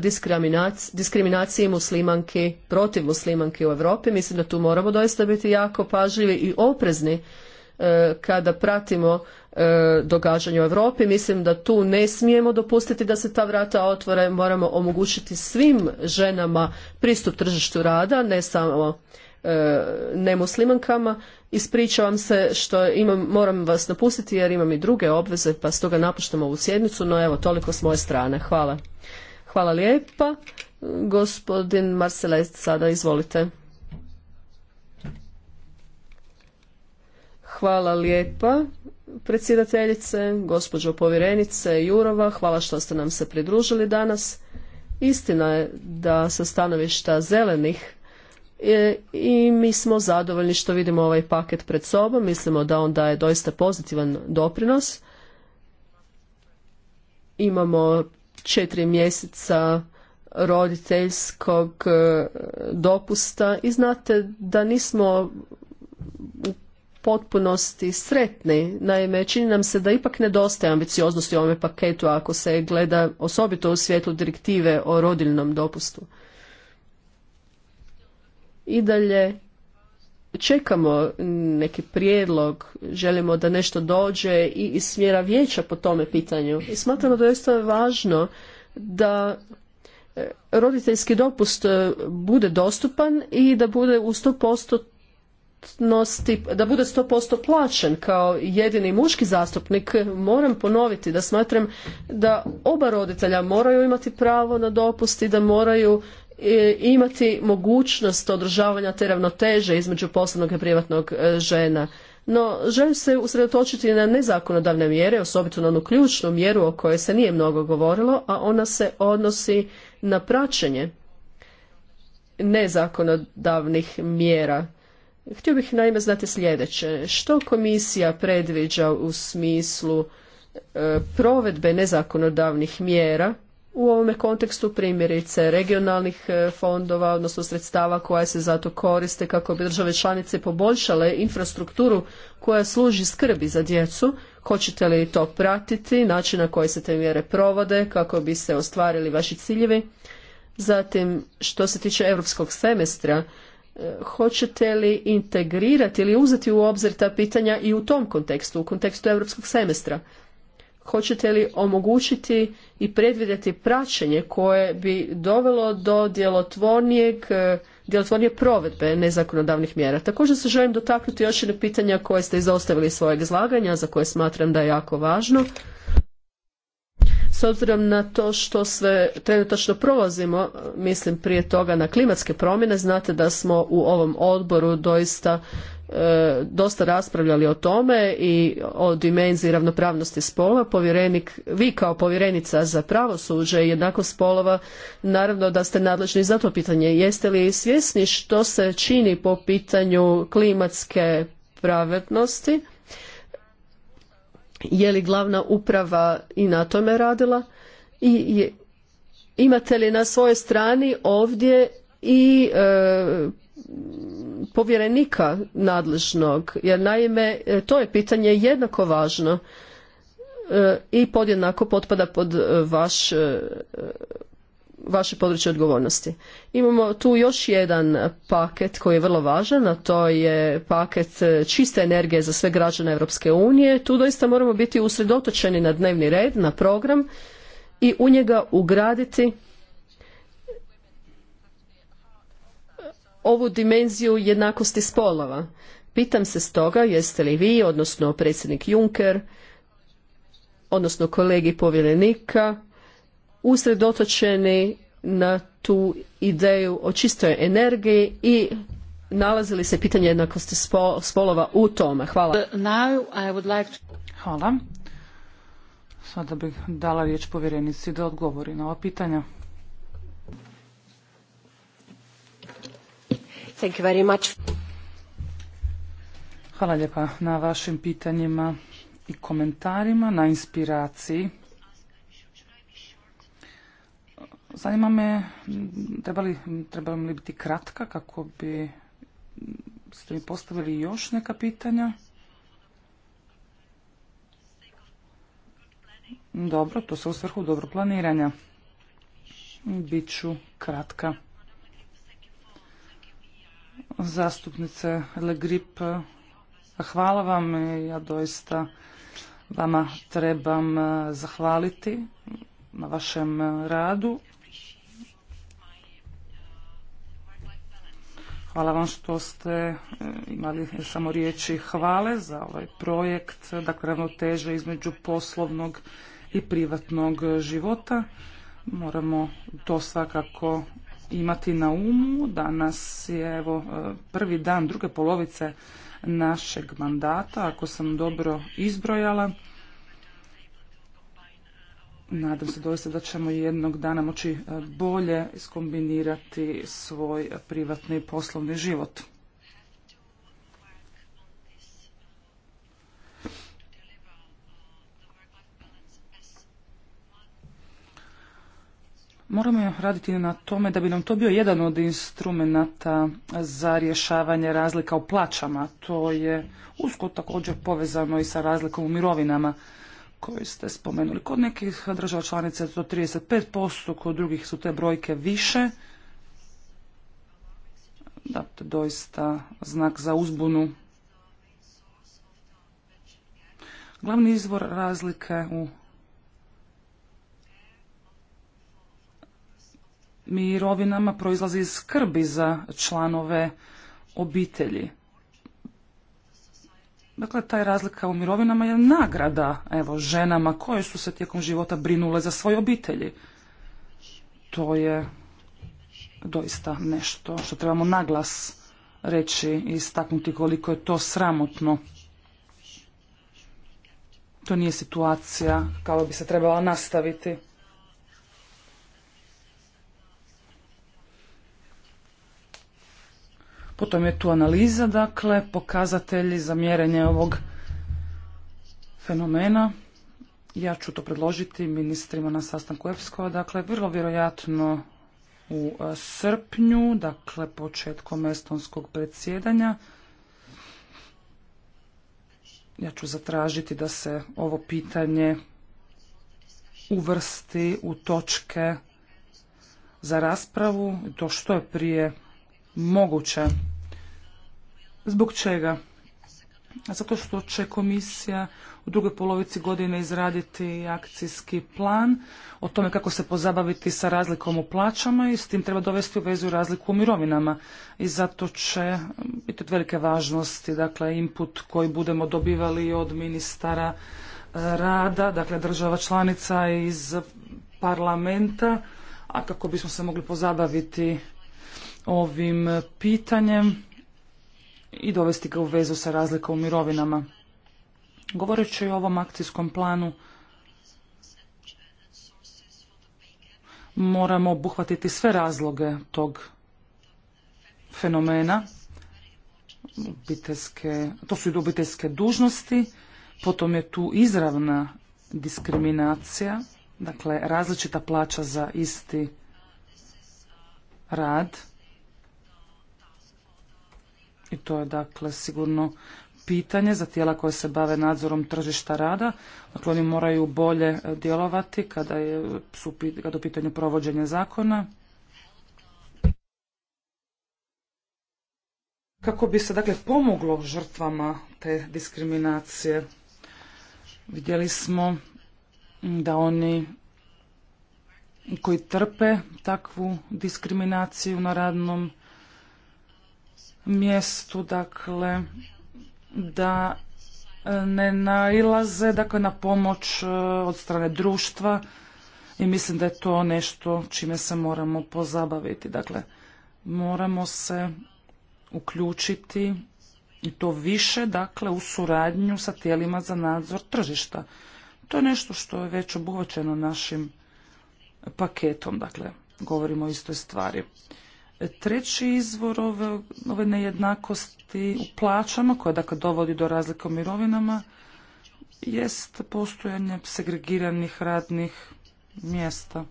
diskriminaciji muslimanki, protiv muslimanki u Europi. Mislim da tu moramo doista biti jako pažljivi i oprezni e, kada pratimo E, događanja u Europi. Mislim da tu ne smijemo dopustiti da se ta vrata otvore, moramo omogućiti svim ženama pristup tržištu rada, ne samo e, nemuslimankama. Ispričavam se što imam, moram vas napustiti jer imam i druge obveze pa stoga napuštam ovu sjednicu, no evo toliko s moje strane. Hvala. Hvala lijepa. Gospodin Marcelest, sada izvolite. Hvala lijepa predsjedateljice, gospođo povjerenice Jurova, hvala što ste nam se pridružili danas. Istina je da sa stanovišta zelenih e, i mi smo zadovoljni što vidimo ovaj paket pred sobom. Mislimo da on daje doista pozitivan doprinos. Imamo četiri mjeseca roditeljskog e, dopusta i znate da nismo potpunosti sretni. Naime, čini nam se da ipak nedostaje ambicioznosti u ovome paketu ako se gleda osobito u svjetlu direktive o rodiljnom dopustu. I dalje čekamo neki prijedlog, želimo da nešto dođe i iz smjera vijeća po tome pitanju. I smatramo da je važno da e, roditeljski dopust e, bude dostupan i da bude u 100% da bude 100% plaćen kao jedini muški zastupnik, moram ponoviti da smatram da oba roditelja moraju imati pravo na dopust i da moraju e, imati mogućnost održavanja te ravnoteže između poslovnog i privatnog e, žena. No, želim se usredotočiti na nezakonodavne mjere, osobito na onu ključnu mjeru o kojoj se nije mnogo govorilo, a ona se odnosi na praćenje nezakonodavnih mjera Htio bih naime znati sljedeće. Što komisija predviđa u smislu e, provedbe nezakonodavnih mjera u ovome kontekstu primjerice regionalnih e, fondova, odnosno sredstava koja se zato koriste kako bi države članice poboljšale infrastrukturu koja služi skrbi za djecu. Hoćete li to pratiti, način na koji se te mjere provode, kako bi se ostvarili vaši ciljevi? Zatim, što se tiče europskog semestra, hoćete li integrirati ili uzeti u obzir ta pitanja i u tom kontekstu, u kontekstu europskog semestra? Hoćete li omogućiti i predvidjeti praćenje koje bi dovelo do djelotvornijeg e, djelotvornije provedbe nezakonodavnih mjera. Također se želim dotaknuti još jedne pitanja koje ste izostavili iz svojeg izlaganja, za koje smatram da je jako važno, s obzirom na to što sve trenutačno prolazimo, mislim prije toga na klimatske promjene, znate da smo u ovom odboru doista e, dosta raspravljali o tome i o dimenziji ravnopravnosti spolova. Povjerenik, vi kao povjerenica za pravosuđe i jednakost spolova, naravno da ste nadležni za to pitanje. Jeste li svjesni što se čini po pitanju klimatske pravednosti? je li glavna uprava i na tome radila i je, imate li na svojoj strani ovdje i e, povjerenika nadležnog jer naime e, to je pitanje jednako važno e, i podjednako potpada pod vaš vaše područje odgovornosti. Imamo tu još jedan paket koji je vrlo važan, a to je paket čiste energije za sve građane Europske unije. Tu doista moramo biti usredotočeni na dnevni red, na program i u njega ugraditi ovu dimenziju jednakosti spolova. Pitam se stoga jeste li vi, odnosno predsjednik Juncker, odnosno kolegi povjerenika, usredotočeni na tu ideju o čistoj energiji i nalazili se pitanje jednakosti spolova u tome. Hvala. Hvala. Sada bih dala riječ povjerenici da odgovori na ova pitanja. Hvala lijepa na vašim pitanjima i komentarima, na inspiraciji Zanima me, trebali li, li biti kratka kako bi ste mi postavili još neka pitanja? Dobro, to se u svrhu dobro planiranja. Biću kratka. Zastupnice Legrip, hvala vam. Ja doista vama trebam eh, zahvaliti na vašem eh, radu. Hvala vam što ste e, imali samo riječi hvale za ovaj projekt, dakle ravnoteže između poslovnog i privatnog života. Moramo to svakako imati na umu. Danas je evo, e, prvi dan druge polovice našeg mandata, ako sam dobro izbrojala. Nadam se doista da ćemo jednog dana moći e, bolje iskombinirati svoj privatni i poslovni život. Moramo raditi na tome da bi nam to bio jedan od instrumenata za rješavanje razlika u plaćama. To je usko također povezano i sa razlikom u mirovinama koji ste spomenuli. Kod nekih država članica je to 35%, kod drugih su te brojke više. Da, to je doista znak za uzbunu. Glavni izvor razlike u mirovinama proizlazi iz skrbi za članove obitelji. Dakle, taj razlika u mirovinama je nagrada evo, ženama koje su se tijekom života brinule za svoje obitelji. To je doista nešto što trebamo naglas reći i istaknuti koliko je to sramotno. To nije situacija kao bi se trebala nastaviti. Potom je tu analiza, dakle, pokazatelji za mjerenje ovog fenomena. Ja ću to predložiti ministrima na sastanku EPSCO, dakle, vrlo vjerojatno u e, srpnju, dakle, početkom estonskog predsjedanja. Ja ću zatražiti da se ovo pitanje uvrsti u točke za raspravu, to što je prije moguće. Zbog čega? Zato što će komisija u drugoj polovici godine izraditi akcijski plan o tome kako se pozabaviti sa razlikom u plaćama i s tim treba dovesti u vezu razliku u mirovinama. I zato će biti od velike važnosti dakle, input koji budemo dobivali od ministara e, rada, dakle država članica iz parlamenta, a kako bismo se mogli pozabaviti ovim pitanjem i dovesti ga u vezu sa razlikom u mirovinama. Govoreći o ovom akcijskom planu, moramo obuhvatiti sve razloge tog fenomena. Obiteljske, to su i obiteljske dužnosti, potom je tu izravna diskriminacija, dakle različita plaća za isti rad. I to je dakle sigurno pitanje za tijela koje se bave nadzorom tržišta rada. Dakle, oni moraju bolje e, djelovati kada je su, kada u pitanju provođenje zakona. Kako bi se dakle pomoglo žrtvama te diskriminacije, vidjeli smo da oni koji trpe takvu diskriminaciju na radnom mjestu, dakle, da e, ne nailaze dakle, na pomoć e, od strane društva i mislim da je to nešto čime se moramo pozabaviti. Dakle, moramo se uključiti i to više, dakle, u suradnju sa tijelima za nadzor tržišta. To je nešto što je već obuhvaćeno našim paketom, dakle, govorimo o istoj stvari. Treći izvor ove, nejednakosti u plaćama, koja dakle dovodi do razlika u mirovinama, jest postojanje segregiranih radnih mjesta.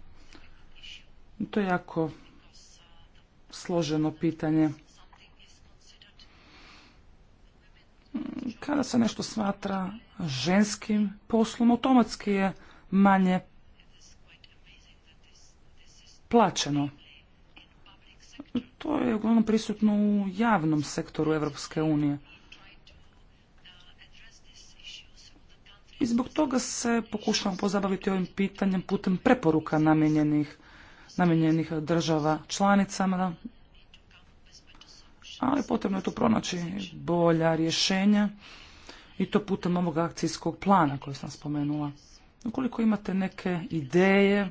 To je jako složeno pitanje. Kada se nešto smatra ženskim poslom, automatski je manje plaćeno. To je uglavnom prisutno u javnom sektoru Evropske unije. I zbog toga se pokušavam pozabaviti ovim pitanjem putem preporuka namijenjenih, namijenjenih država članicama, ali potrebno je tu pronaći bolja rješenja i to putem ovog akcijskog plana koji sam spomenula. Ukoliko imate neke ideje,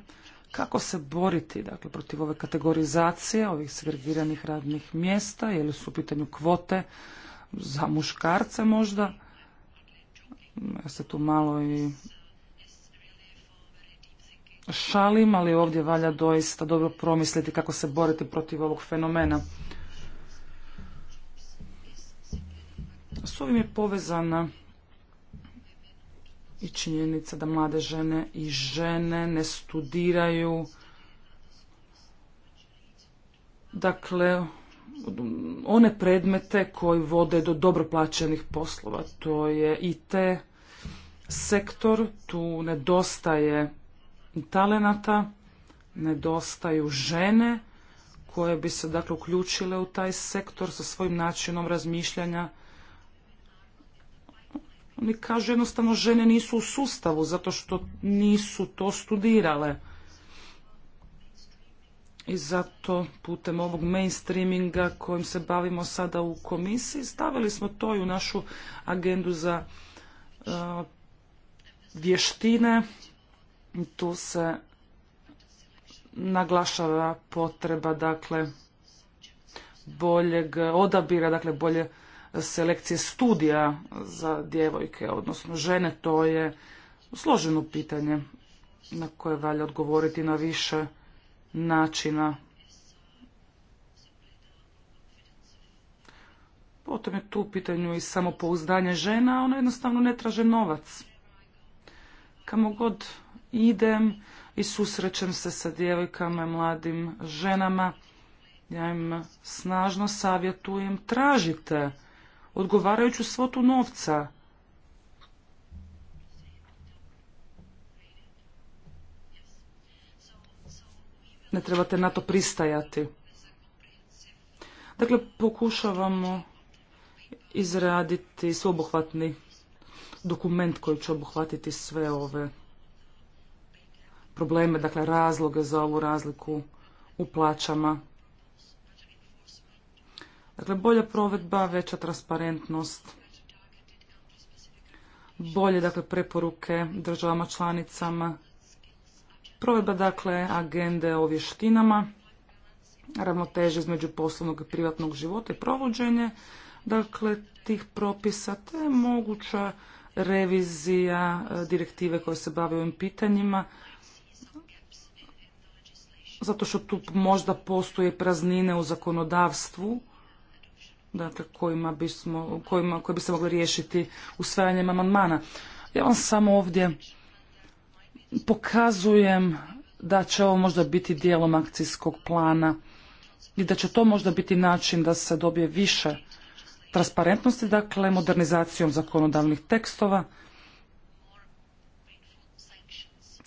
kako se boriti dakle, protiv ove kategorizacije, ovih segregiranih radnih mjesta, je su u pitanju kvote za muškarce možda? Ja se tu malo i šalim, ali ovdje valja doista dobro promisliti kako se boriti protiv ovog fenomena. S ovim je povezana i činjenica da mlade žene i žene ne studiraju. Dakle, one predmete koji vode do dobro plaćenih poslova, to je IT sektor, tu nedostaje talenata, nedostaju žene koje bi se dakle uključile u taj sektor sa svojim načinom razmišljanja, oni kažu jednostavno žene nisu u sustavu zato što nisu to studirale. I zato putem ovog mainstreaminga kojim se bavimo sada u komisiji stavili smo to i u našu agendu za e, vještine. I tu se naglašava potreba dakle boljeg odabira, dakle bolje selekcije studija za djevojke, odnosno žene, to je složeno pitanje na koje valja odgovoriti na više načina. Potom je tu pitanju i samopouzdanje žena, ona jednostavno ne traže novac. Kamo god idem i susrećem se sa djevojkama, i mladim ženama, ja im snažno savjetujem, tražite odgovarajuću svotu novca. Ne trebate na to pristajati. Dakle, pokušavamo izraditi sveobuhvatni dokument koji će obuhvatiti sve ove probleme, dakle razloge za ovu razliku u plaćama. Dakle, bolja provedba, veća transparentnost, bolje dakle preporuke državama članicama, provedba dakle agende o vještinama, ravnoteže između poslovnog i privatnog života i provođenje dakle tih propisa te moguća revizija e, direktive koje se bave ovim pitanjima zato što tu možda postoje praznine u zakonodavstvu dakle, kojima, bismo, kojima, koje bi se mogli riješiti usvajanjem amandmana. Ja vam samo ovdje pokazujem da će ovo možda biti dijelom akcijskog plana i da će to možda biti način da se dobije više transparentnosti, dakle modernizacijom zakonodavnih tekstova,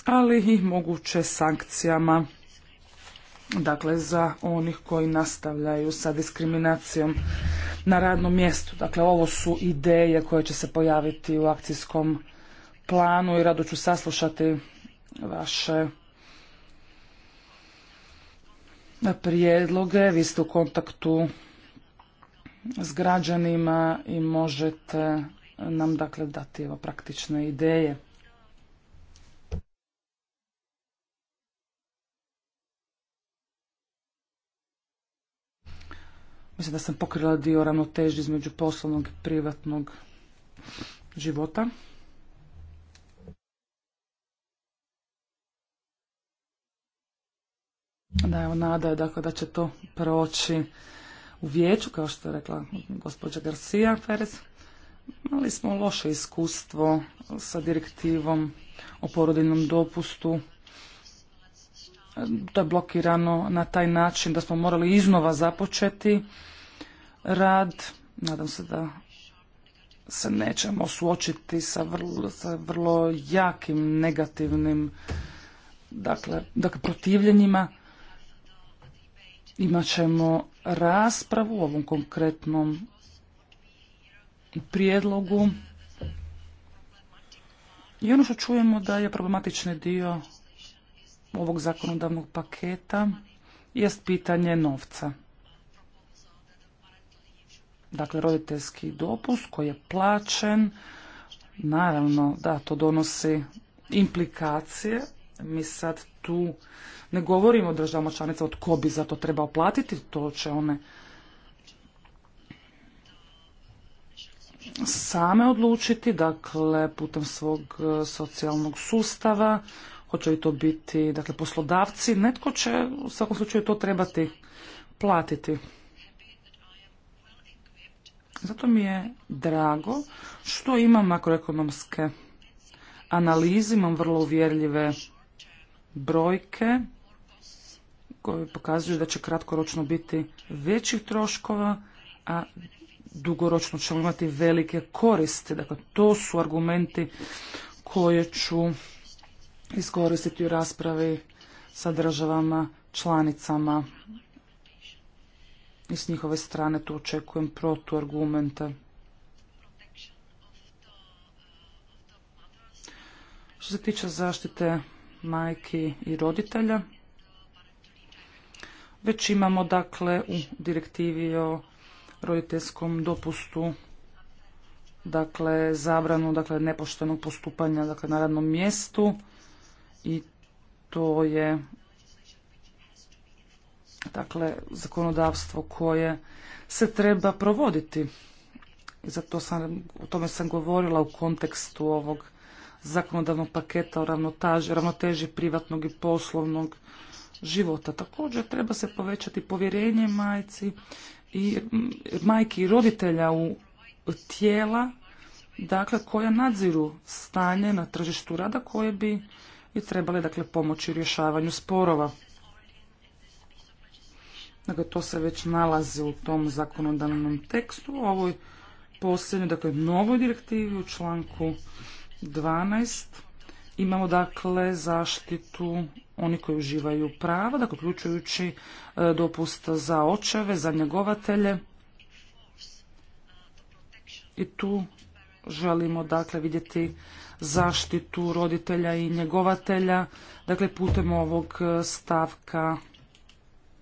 ali i moguće sankcijama dakle za onih koji nastavljaju sa diskriminacijom na radnom mjestu. Dakle, ovo su ideje koje će se pojaviti u akcijskom planu i rado ću saslušati vaše prijedloge. Vi ste u kontaktu s građanima i možete nam dakle dati evo praktične ideje. Mislim da sam pokrila dio ravnoteži između poslovnog i privatnog života. Da, evo, nada je dakle, da će to proći u vijeću, kao što je rekla gospođa Garcia Perez. Imali smo loše iskustvo sa direktivom o porodiljnom dopustu to je blokirano na taj način da smo morali iznova započeti rad. Nadam se da se nećemo suočiti sa vrlo, sa vrlo jakim negativnim dakle, dakle protivljenjima. Imaćemo raspravu u ovom konkretnom prijedlogu. I ono što čujemo da je problematični dio ovog zakonodavnog paketa jest pitanje novca. Dakle, roditeljski dopust koji je plaćen, naravno da to donosi implikacije. Mi sad tu ne govorimo o državama članica od ko bi za to trebao platiti, to će one same odlučiti, dakle putem svog eh, socijalnog sustava, hoće li to biti dakle, poslodavci, netko će u svakom slučaju to trebati platiti. Zato mi je drago što imam makroekonomske analize, imam vrlo uvjerljive brojke koje pokazuju da će kratkoročno biti većih troškova, a dugoročno ćemo imati velike koristi. Dakle, to su argumenti koje ću iskoristiti u raspravi sa državama članicama i s njihove strane tu očekujem protuargumente. Što se tiče zaštite majki i roditelja, već imamo dakle u direktivi o roditeljskom dopustu dakle zabranu dakle nepoštenog postupanja dakle, na radnom mjestu i to je dakle zakonodavstvo koje se treba provoditi. I zato sam, o tome sam govorila u kontekstu ovog zakonodavnog paketa o ravnoteži privatnog i poslovnog života. Također treba se povećati povjerenje majci i majki i roditelja u tijela dakle koja nadziru stanje na tržištu rada koje bi i trebale dakle pomoći rješavanju sporova. Dakle, to se već nalazi u tom zakonodavnom tekstu, u ovoj posljednjoj, dakle, novoj direktivi u članku 12. Imamo, dakle, zaštitu oni koji uživaju prava, dakle, uključujući e, dopust za očeve, za njegovatelje. I tu želimo, dakle, vidjeti zaštitu roditelja i njegovatelja, dakle putem ovog e, stavka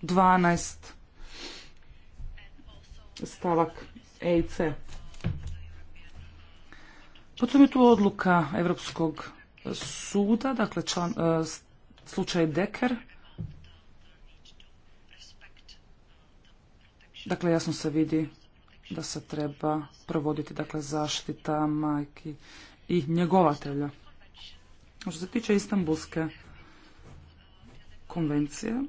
12 stavak E i C. Potom je tu odluka Europskog suda, dakle e, slučaj Deker. Dakle, jasno se vidi da se treba provoditi dakle, zaštita majki i njegovatelja. Što se tiče Istanbulske konvencije,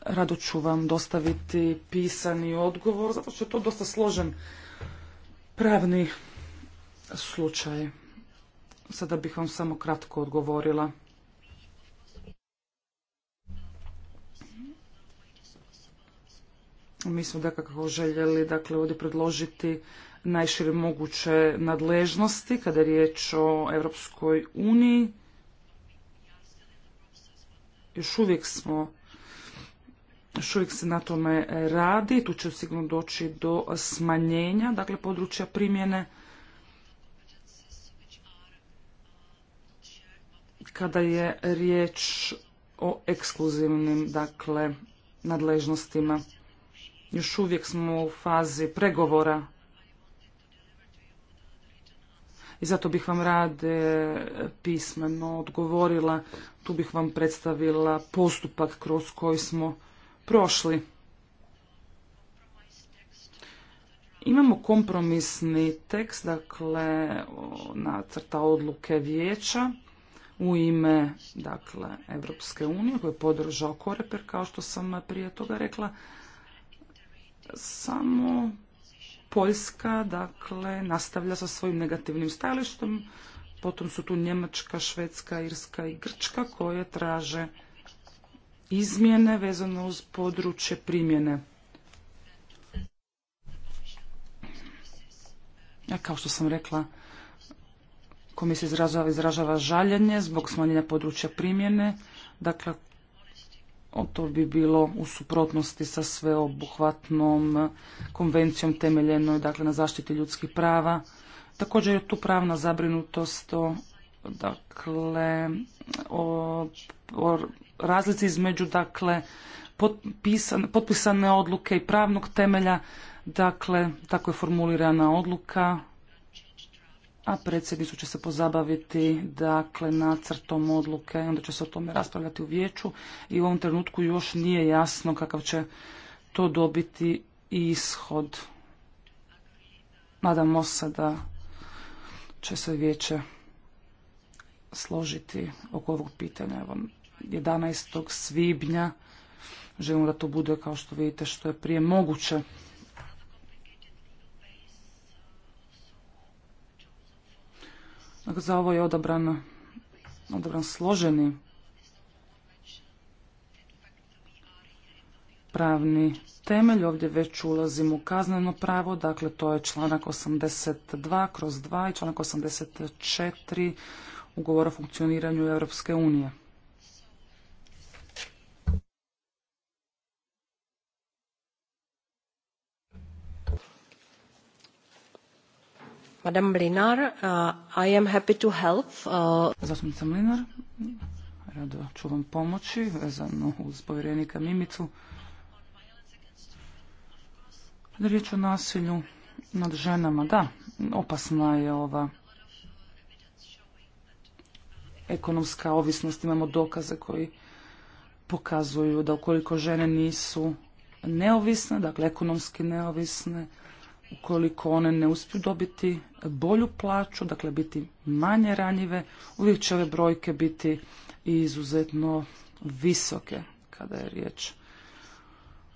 rado ću vam dostaviti pisani odgovor, zato što je to dosta složen pravni slučaj. Sada bih vam samo kratko odgovorila. Mi smo dakako željeli dakle, ovdje predložiti najšire moguće nadležnosti kada je riječ o Europskoj uniji. Još uvijek smo još uvijek se na tome radi, tu će sigurno doći do smanjenja, dakle područja primjene. Kada je riječ o ekskluzivnim, dakle, nadležnostima. Još uvijek smo u fazi pregovora i zato bih vam rade pismeno odgovorila. Tu bih vam predstavila postupak kroz koji smo prošli. Imamo kompromisni tekst, dakle, nacrta odluke vijeća u ime, dakle, Evropske unije koji je podržao Koreper, kao što sam prije toga rekla. Samo Poljska, dakle, nastavlja sa svojim negativnim stajalištem, Potom su tu Njemačka, Švedska, Irska i Grčka koje traže izmjene vezano uz područje primjene. Ja, kao što sam rekla, komisija izražava, izražava žaljenje zbog smanjenja područja primjene. Dakle, to bi bilo u suprotnosti sa sveobuhvatnom konvencijom temeljenoj dakle, na zaštiti ljudskih prava. Također je tu pravna zabrinutost o, dakle, o, razlici između dakle, potpisane odluke i pravnog temelja. Dakle, tako je formulirana odluka a predsjednicu će se pozabaviti dakle nacrtom odluke, onda će se o tome raspravljati u vijeću i u ovom trenutku još nije jasno kakav će to dobiti ishod. Nadamo se da će se vijeće složiti oko ovog pitanja. Evo, 11. svibnja Želim da to bude kao što vidite što je prije moguće. Dakle, za ovo je odabran, odabran složeni pravni temelj. Ovdje već ulazim u kazneno pravo, dakle to je članak 82 kroz 2 i članak 84 ugovora o funkcioniranju Europske unije. Madam Mlinar, uh, I am happy to help. Uh, Zastupnica Mlinar, rado ću vam pomoći vezano uz povjerenika Mimicu. Riječ o nasilju nad ženama, da, opasna je ova ekonomska ovisnost, imamo dokaze koji pokazuju da ukoliko žene nisu neovisne, dakle ekonomski neovisne, ukoliko one ne uspiju dobiti bolju plaću, dakle biti manje ranjive, uvijek će ove brojke biti izuzetno visoke kada je riječ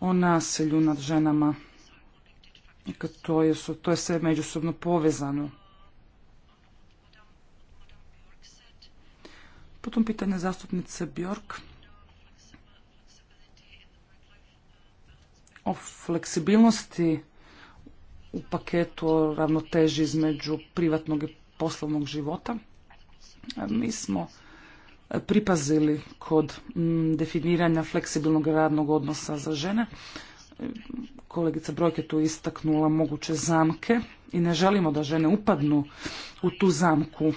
o nasilju nad ženama. to je, to je sve međusobno povezano. Potom pitanje zastupnice Bjork o fleksibilnosti u paketu o ravnoteži između privatnog i poslovnog života. E, mi smo pripazili kod definiranja fleksibilnog radnog odnosa za žene. E, kolegica Brojke tu istaknula moguće zamke i ne želimo da žene upadnu u tu zamku.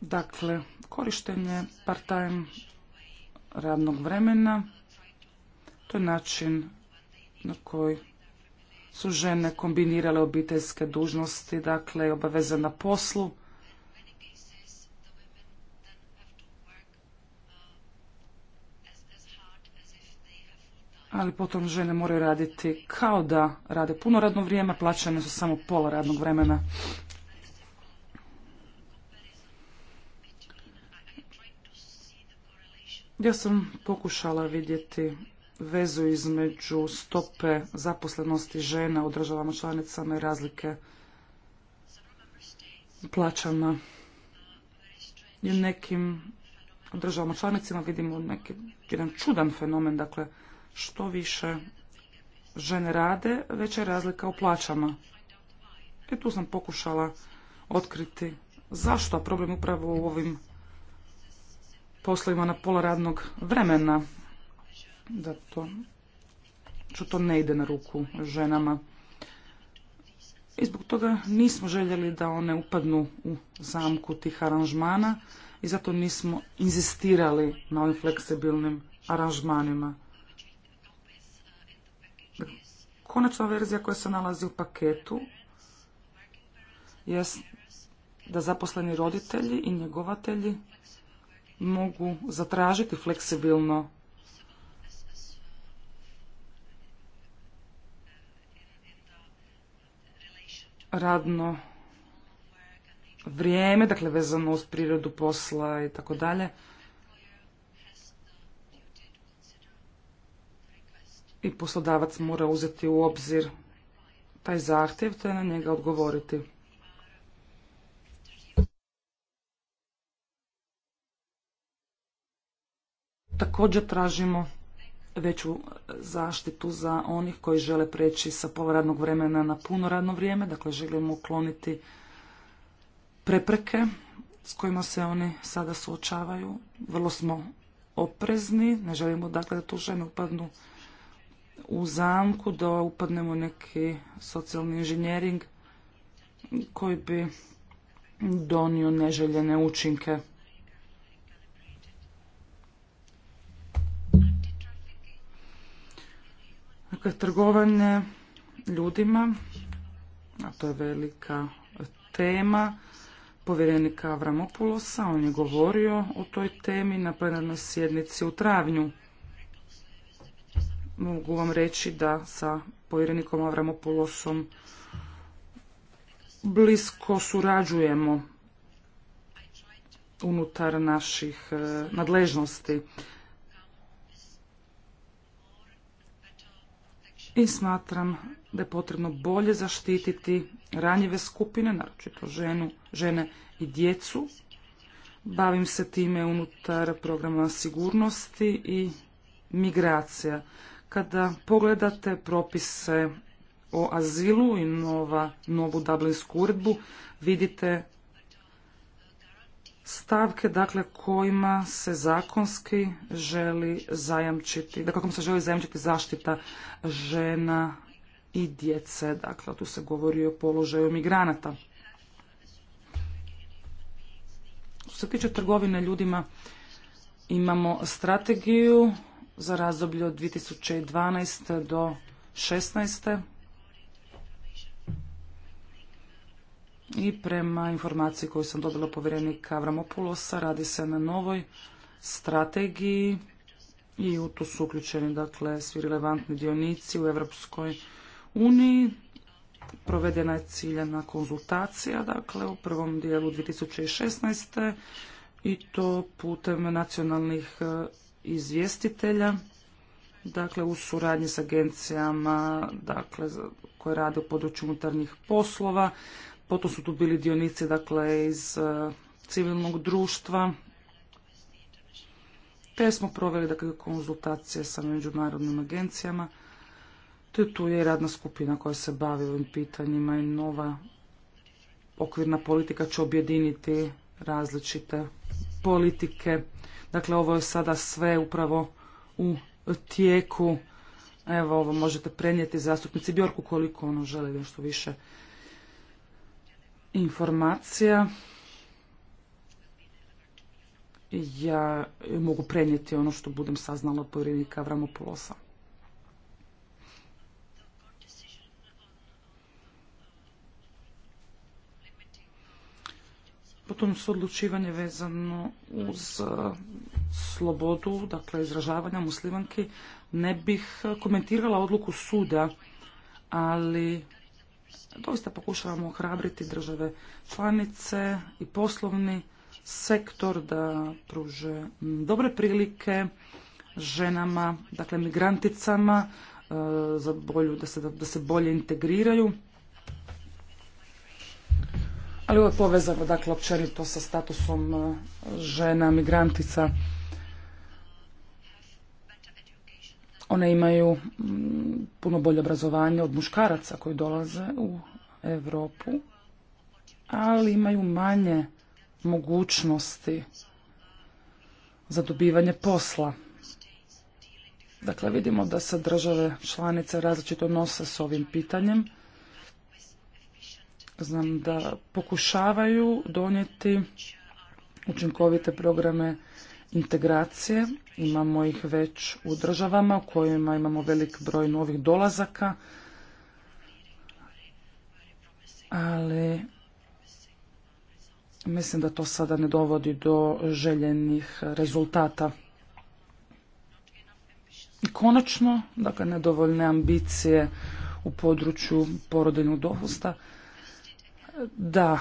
Dakle, korištenje part-time radnog vremena to je način na koji su žene kombinirale obiteljske dužnosti, dakle obaveze na poslu. Ali potom žene moraju raditi kao da rade puno radno vrijeme, plaćane su samo pola radnog vremena. Ja sam pokušala vidjeti vezu između stope zaposlenosti žena u državama članicama i razlike plaćama. I u nekim državama članicama vidimo neki, jedan čudan fenomen, dakle što više žene rade, veća je razlika u plaćama. I tu sam pokušala otkriti zašto, problem upravo u ovim poslovima na pola radnog vremena da to, što to ne ide na ruku ženama. I zbog toga nismo željeli da one upadnu u zamku tih aranžmana i zato nismo inzistirali na ovim fleksibilnim aranžmanima. Konačna verzija koja se nalazi u paketu jest da zaposleni roditelji i njegovatelji mogu zatražiti fleksibilno radno vrijeme, dakle vezano uz prirodu posla i tako dalje. I poslodavac mora uzeti u obzir taj zahtjev te na njega odgovoriti. Također tražimo veću zaštitu za onih koji žele preći sa pola radnog vremena na puno radno vrijeme, dakle želimo ukloniti prepreke s kojima se oni sada suočavaju. Vrlo smo oprezni, ne želimo dakle da tu žene upadnu u zamku, da upadnemo neki socijalni inženjering koji bi donio neželjene učinke. Dakle, trgovanje ljudima, a to je velika tema povjerenika Avramopulosa, on je govorio o toj temi na plenarnoj sjednici u travnju. Mogu vam reći da sa povjerenikom Avramopulosom blisko surađujemo unutar naših eh, nadležnosti. i smatram da je potrebno bolje zaštititi ranjive skupine, naročito ženu, žene i djecu. Bavim se time unutar programa sigurnosti i migracija. Kada pogledate propise o azilu i nova, novu Dublinsku uredbu, vidite stavke dakle kojima se zakonski želi zajamčiti, dakle se želi zajamčiti zaštita žena i djece, dakle tu se govori o položaju migranata. Što se tiče trgovine ljudima, imamo strategiju za razdoblje od 2012. do 2016. I prema informaciji koju sam dobila povjerenika Avramopulosa, radi se na novoj strategiji i u to su uključeni dakle svi relevantni dionici u Europskoj uniji. Provedena je ciljena konzultacija, dakle u prvom dijelu 2016. i to putem nacionalnih e, izvjestitelja, dakle u suradnji s agencijama, dakle koje rade u području unutarnjih poslova, Potom pa su tu bili dionici dakle, iz e, civilnog društva, te smo proveli dakle, konzultacije sa međunarodnim agencijama, te tu je radna skupina koja se bavi ovim pitanjima i nova okvirna politika će objediniti različite politike. Dakle, ovo je sada sve upravo u tijeku. Evo, ovo možete prenijeti zastupnici Bjorku koliko ono želi nešto više informacija. Ja mogu prenijeti ono što budem saznala od povjerenika Avramopoulosa. Potom su odlučivanje vezano uz slobodu, dakle izražavanja muslimanki. Ne bih komentirala odluku suda, ali doista pokušavamo ohrabriti države članice i poslovni sektor da pruže dobre prilike ženama, dakle migranticama, e, za bolju, da, se, da se bolje integriraju. Ali ovo je povezano, dakle, općenito sa statusom e, žena, migrantica. One imaju mm, puno bolje obrazovanje od muškaraca koji dolaze u Europu, ali imaju manje mogućnosti za dobivanje posla. Dakle, vidimo da se države članice različito nose s ovim pitanjem. Znam da pokušavaju donijeti učinkovite programe integracije. Imamo ih već u državama u kojima imamo velik broj novih dolazaka, ali mislim da to sada ne dovodi do željenih rezultata. I konačno, dakle, nedovoljne ambicije u području porodiljnog dopusta. Da,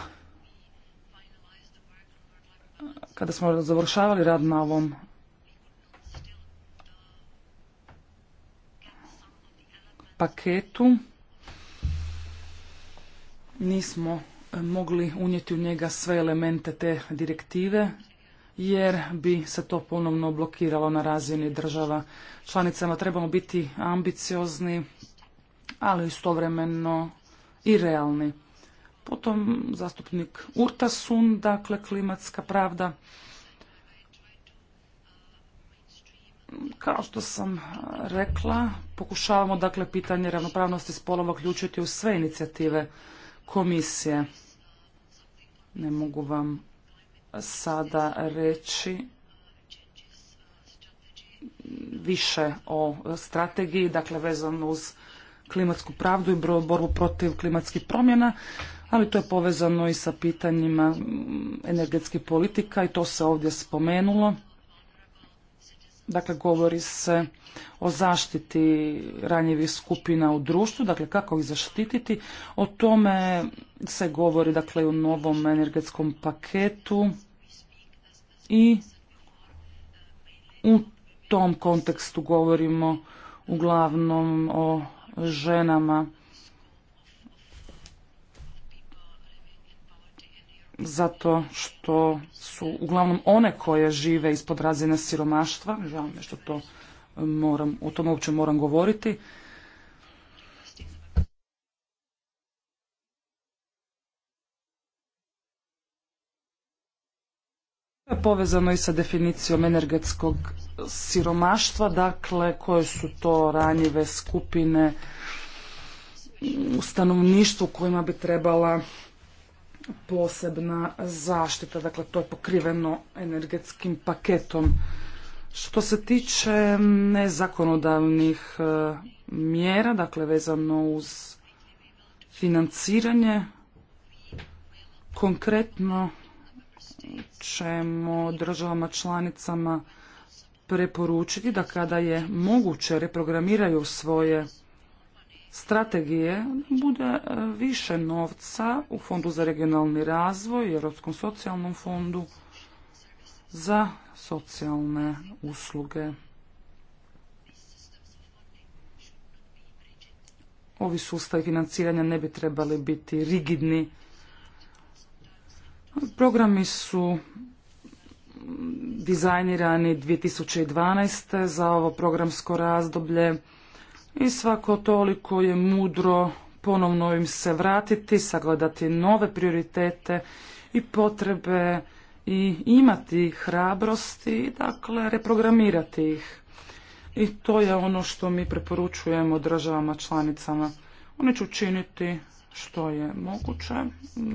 kada smo završavali rad na ovom paketu, nismo mogli unijeti u njega sve elemente te direktive, jer bi se to ponovno blokiralo na razini država članicama. Trebamo biti ambiciozni, ali istovremeno i realni. Potom zastupnik Urtasun, dakle klimatska pravda. Kao što sam rekla, pokušavamo dakle pitanje ravnopravnosti spolova uključiti u sve inicijative komisije. Ne mogu vam sada reći više o strategiji, dakle vezano uz klimatsku pravdu i borbu protiv klimatskih promjena ali to je povezano i sa pitanjima energetskih politika i to se ovdje spomenulo. Dakle, govori se o zaštiti ranjivih skupina u društvu, dakle kako ih zaštititi. O tome se govori dakle u novom energetskom paketu i u tom kontekstu govorimo uglavnom o ženama zato što su uglavnom one koje žive ispod razine siromaštva, žao mi što to e, moram, o tom uopće moram govoriti, povezano i sa definicijom energetskog siromaštva, dakle koje su to ranjive skupine u stanovništvu kojima bi trebala posebna zaštita, dakle to je pokriveno energetskim paketom. Što se tiče nezakonodavnih e, mjera, dakle vezano uz financiranje, konkretno ćemo državama članicama preporučiti da kada je moguće reprogramiraju svoje strategije bude e, više novca u Fondu za regionalni razvoj, i Europskom socijalnom fondu za socijalne usluge. Ovi sustavi financiranja ne bi trebali biti rigidni. Programi su dizajnirani 2012. za ovo programsko razdoblje. I svako toliko je mudro ponovno im se vratiti, sagledati nove prioritete i potrebe i imati hrabrosti, dakle reprogramirati ih. I to je ono što mi preporučujemo državama članicama. Oni će učiniti što je moguće,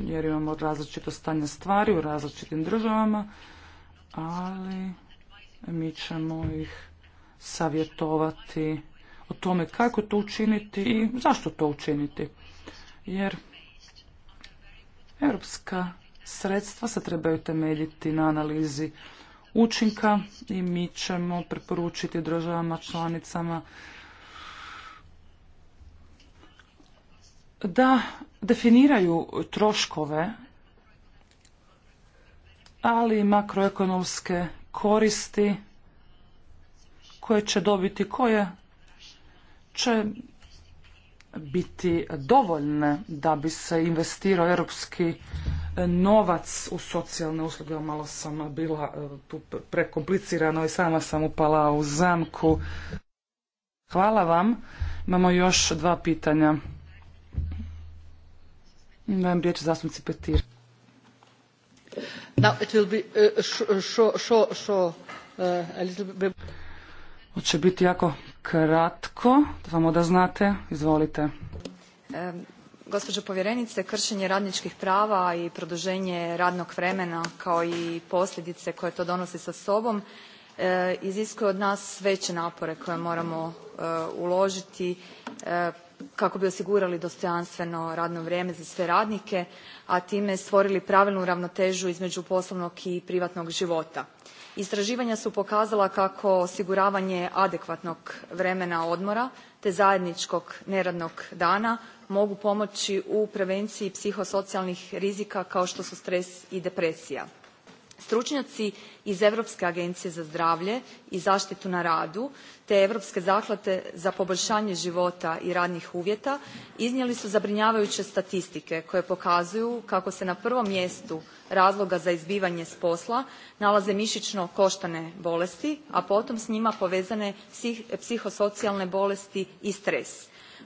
jer imamo različito stanje stvari u različitim državama, ali mi ćemo ih savjetovati o tome kako to učiniti i zašto to učiniti. Jer europska sredstva se trebaju temeljiti na analizi učinka i mi ćemo preporučiti državama članicama da definiraju troškove, ali i makroekonomske koristi koje će dobiti koje će biti dovoljne da bi se investirao europski novac u socijalne usluge. Malo sam bila e, tu prekomplicirano i sama sam upala u zamku. Hvala vam. Imamo još dva pitanja. Dajem riječ zastupnici Petir. Now it biti jako kratko, samo da znate. Izvolite. gospođo povjerenice, kršenje radničkih prava i produženje radnog vremena kao i posljedice koje to donosi sa sobom e, iziskuje od nas veće napore koje moramo e, uložiti e, kako bi osigurali dostojanstveno radno vrijeme za sve radnike a time stvorili pravilnu ravnotežu između poslovnog i privatnog života. istraživanja su pokazala kako osiguravanje adekvatnog vremena odmora te zajedničkog neradnog dana mogu pomoći u prevenciji psihosocijalnih rizika kao što su stres i depresija. Stručnjaci iz Europske agencije za zdravlje i zaštitu na radu te Europske zaklade za poboljšanje života i radnih uvjeta iznijeli su zabrinjavajuće statistike koje pokazuju kako se na prvom mjestu razloga za izbivanje s posla nalaze mišićno koštane bolesti, a potom s njima povezane psihosocijalne bolesti i stres.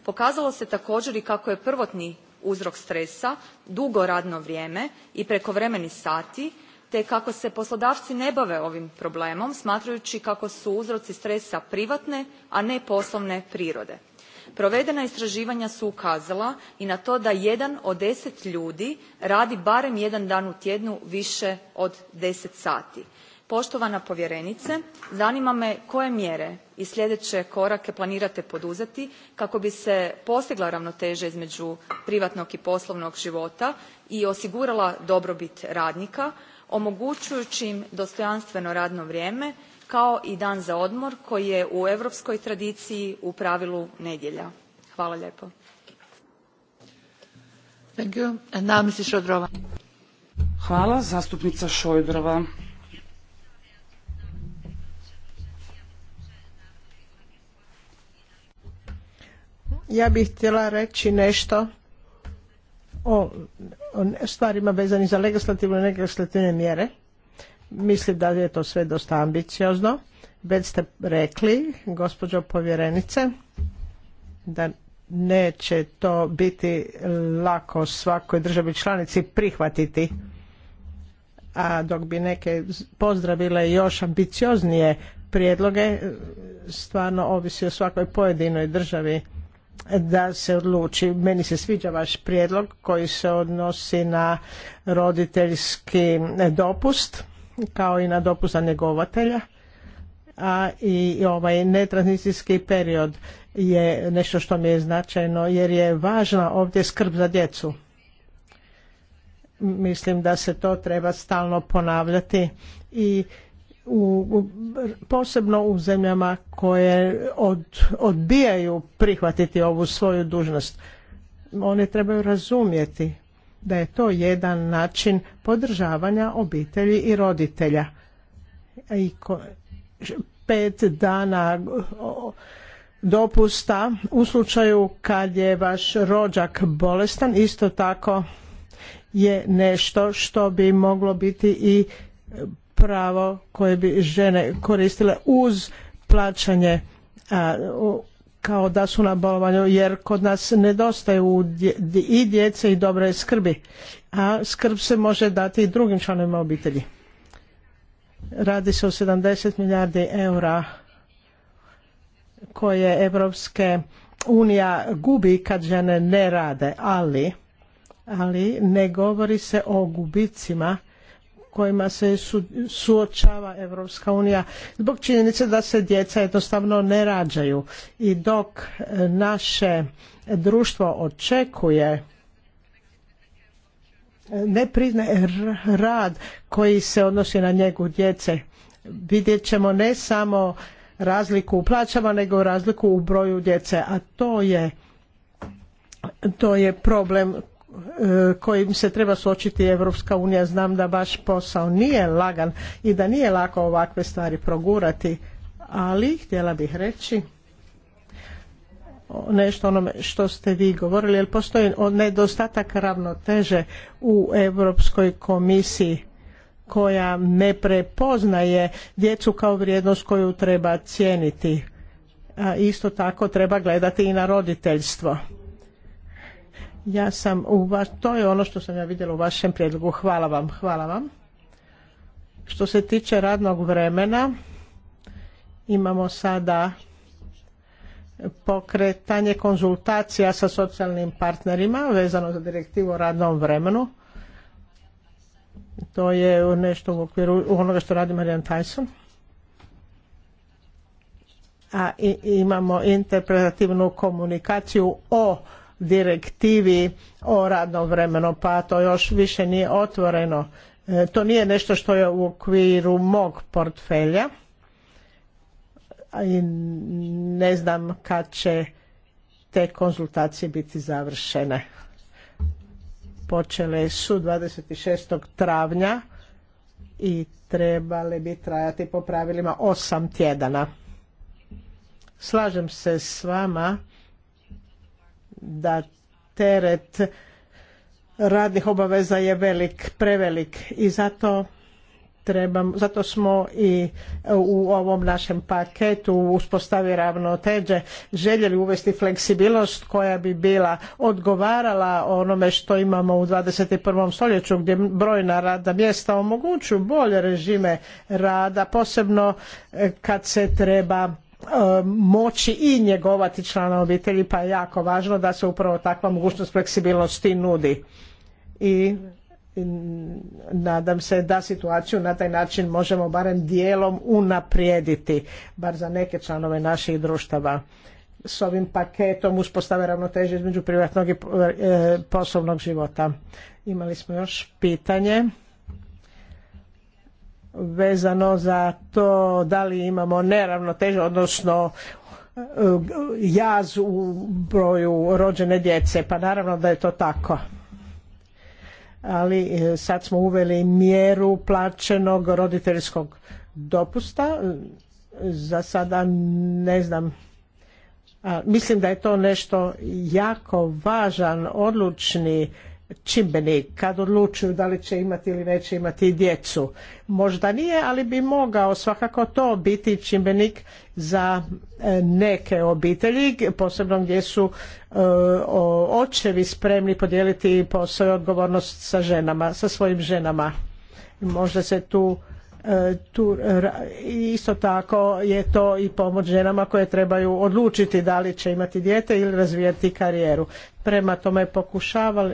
Pokazalo se također i kako je prvotni uzrok stresa dugo radno vrijeme i prekovremeni sati te kako se poslodavci ne bave ovim problemom smatrajući kako su uzroci stresa privatne a ne poslovne prirode. provedena istraživanja su ukazala i na to da jedan od deset ljudi radi barem jedan dan u tjednu više od deset sati. poštovana povjerenice zanima me koje mjere i sljedeće korake planirate poduzeti kako bi se postigla ravnoteža između privatnog i poslovnog života i osigurala dobrobit radnika omogućujući im dostojanstveno radno vrijeme kao i dan za odmor koji je u europskoj tradiciji u pravilu nedjelja. Hvala lijepo. Ja bih htjela reći nešto o, stvarima vezanih za legislativne i legislativne mjere. Mislim da je to sve dosta ambiciozno. Već ste rekli, gospođo povjerenice, da neće to biti lako svakoj državi članici prihvatiti. A dok bi neke pozdravile još ambicioznije prijedloge, stvarno ovisi o svakoj pojedinoj državi da se odluči. Meni se sviđa vaš prijedlog koji se odnosi na roditeljski dopust kao i na dopust za njegovatelja a i ovaj netranzicijski period je nešto što mi je značajno jer je važna ovdje skrb za djecu. Mislim da se to treba stalno ponavljati i u, posebno u zemljama koje od, odbijaju prihvatiti ovu svoju dužnost. Oni trebaju razumjeti da je to jedan način podržavanja obitelji i roditelja. I pet dana dopusta u slučaju kad je vaš rođak bolestan isto tako je nešto što bi moglo biti i pravo koje bi žene koristile uz plaćanje kao da su na bolovanju jer kod nas nedostaje i djece i dobre skrbi a skrb se može dati i drugim članovima obitelji radi se o 70 milijardi eura koje Evropske unija gubi kad žene ne rade ali ali ne govori se o gubicima kojima se suočava Europska unija zbog činjenice da se djeca jednostavno ne rađaju i dok e, naše društvo očekuje e, ne priznaje rad koji se odnosi na njegu djece vidjet ćemo ne samo razliku u plaćama nego razliku u broju djece a to je to je problem E, kojim se treba suočiti Evropska unija. Znam da baš posao nije lagan i da nije lako ovakve stvari progurati, ali htjela bih reći nešto onome što ste vi govorili, jer postoji nedostatak ravnoteže u Europskoj komisiji koja ne prepoznaje djecu kao vrijednost koju treba cijeniti. isto tako treba gledati i na roditeljstvo ja sam u to je ono što sam ja vidjela u vašem prijedlogu. Hvala vam, hvala vam. Što se tiče radnog vremena, imamo sada pokretanje konzultacija sa socijalnim partnerima vezano za direktivu o radnom vremenu. To je nešto u okviru onoga što radi Marijan Tyson. A i, imamo interpretativnu komunikaciju o direktivi o radnom vremenu, pa to još više nije otvoreno. E, to nije nešto što je u okviru mog portfelja i ne znam kad će te konzultacije biti završene. Počele su 26. travnja i trebale bi trajati po pravilima osam tjedana. Slažem se s vama da teret radnih obaveza je velik, prevelik i zato trebam, zato smo i u ovom našem paketu uspostavi ravnoteže željeli uvesti fleksibilnost koja bi bila odgovarala onome što imamo u 21. stoljeću gdje brojna rada mjesta omogućuju bolje režime rada, posebno eh, kad se treba moći i njegovati člana obitelji pa je jako važno da se upravo takva mogućnost fleksibilnosti nudi i nadam se da situaciju na taj način možemo barem dijelom unaprijediti bar za neke članove naših društava s ovim paketom uspostave ravnoteže između privatnog i e, poslovnog života imali smo još pitanje vezano za to da li imamo neravnotežu, odnosno e, jaz u broju rođene djece. Pa naravno da je to tako. Ali e, sad smo uveli mjeru plaćenog roditeljskog dopusta. Za sada ne znam. Mislim da je to nešto jako važan, odlučni čimbenik kad odlučuju da li će imati ili neće imati djecu. Možda nije, ali bi mogao svakako to biti čimbenik za e, neke obitelji, posebno gdje su e, očevi spremni podijeliti posao odgovornost sa ženama, sa svojim ženama. Možda se tu E, tu isto tako je to i pomoć ženama koje trebaju odlučiti da li će imati dijete ili razvijati karijeru. Prema tome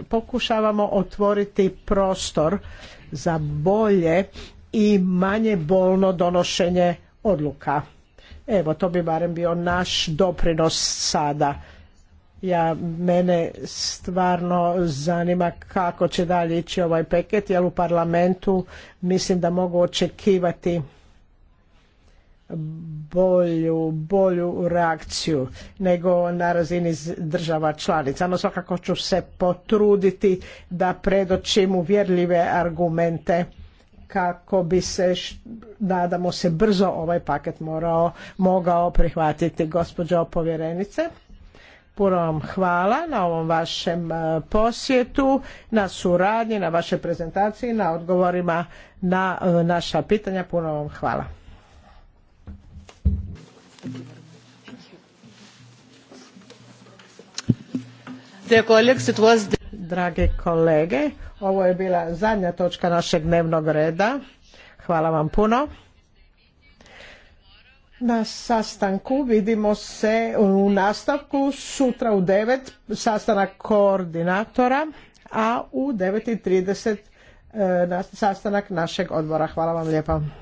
pokušavamo otvoriti prostor za bolje i manje bolno donošenje odluka. Evo, to bi barem bio naš doprinos sada. Ja, mene stvarno zanima kako će dalje ići ovaj paket, jer u parlamentu mislim da mogu očekivati bolju, bolju reakciju nego na razini država članica. No svakako ću se potruditi da predočim uvjerljive argumente kako bi se, nadamo se, brzo ovaj paket morao, mogao prihvatiti. Gospođo povjerenice. Puno vam hvala na ovom vašem e, posjetu, na suradnji, na vašoj prezentaciji, na odgovorima na e, naša pitanja. Puno vam hvala. Drage kolege, ovo je bila zadnja točka našeg dnevnog reda. Hvala vam puno na sastanku. Vidimo se u nastavku sutra u 9 sastanak koordinatora, a u 9.30 e, sastanak našeg odbora. Hvala vam lijepa.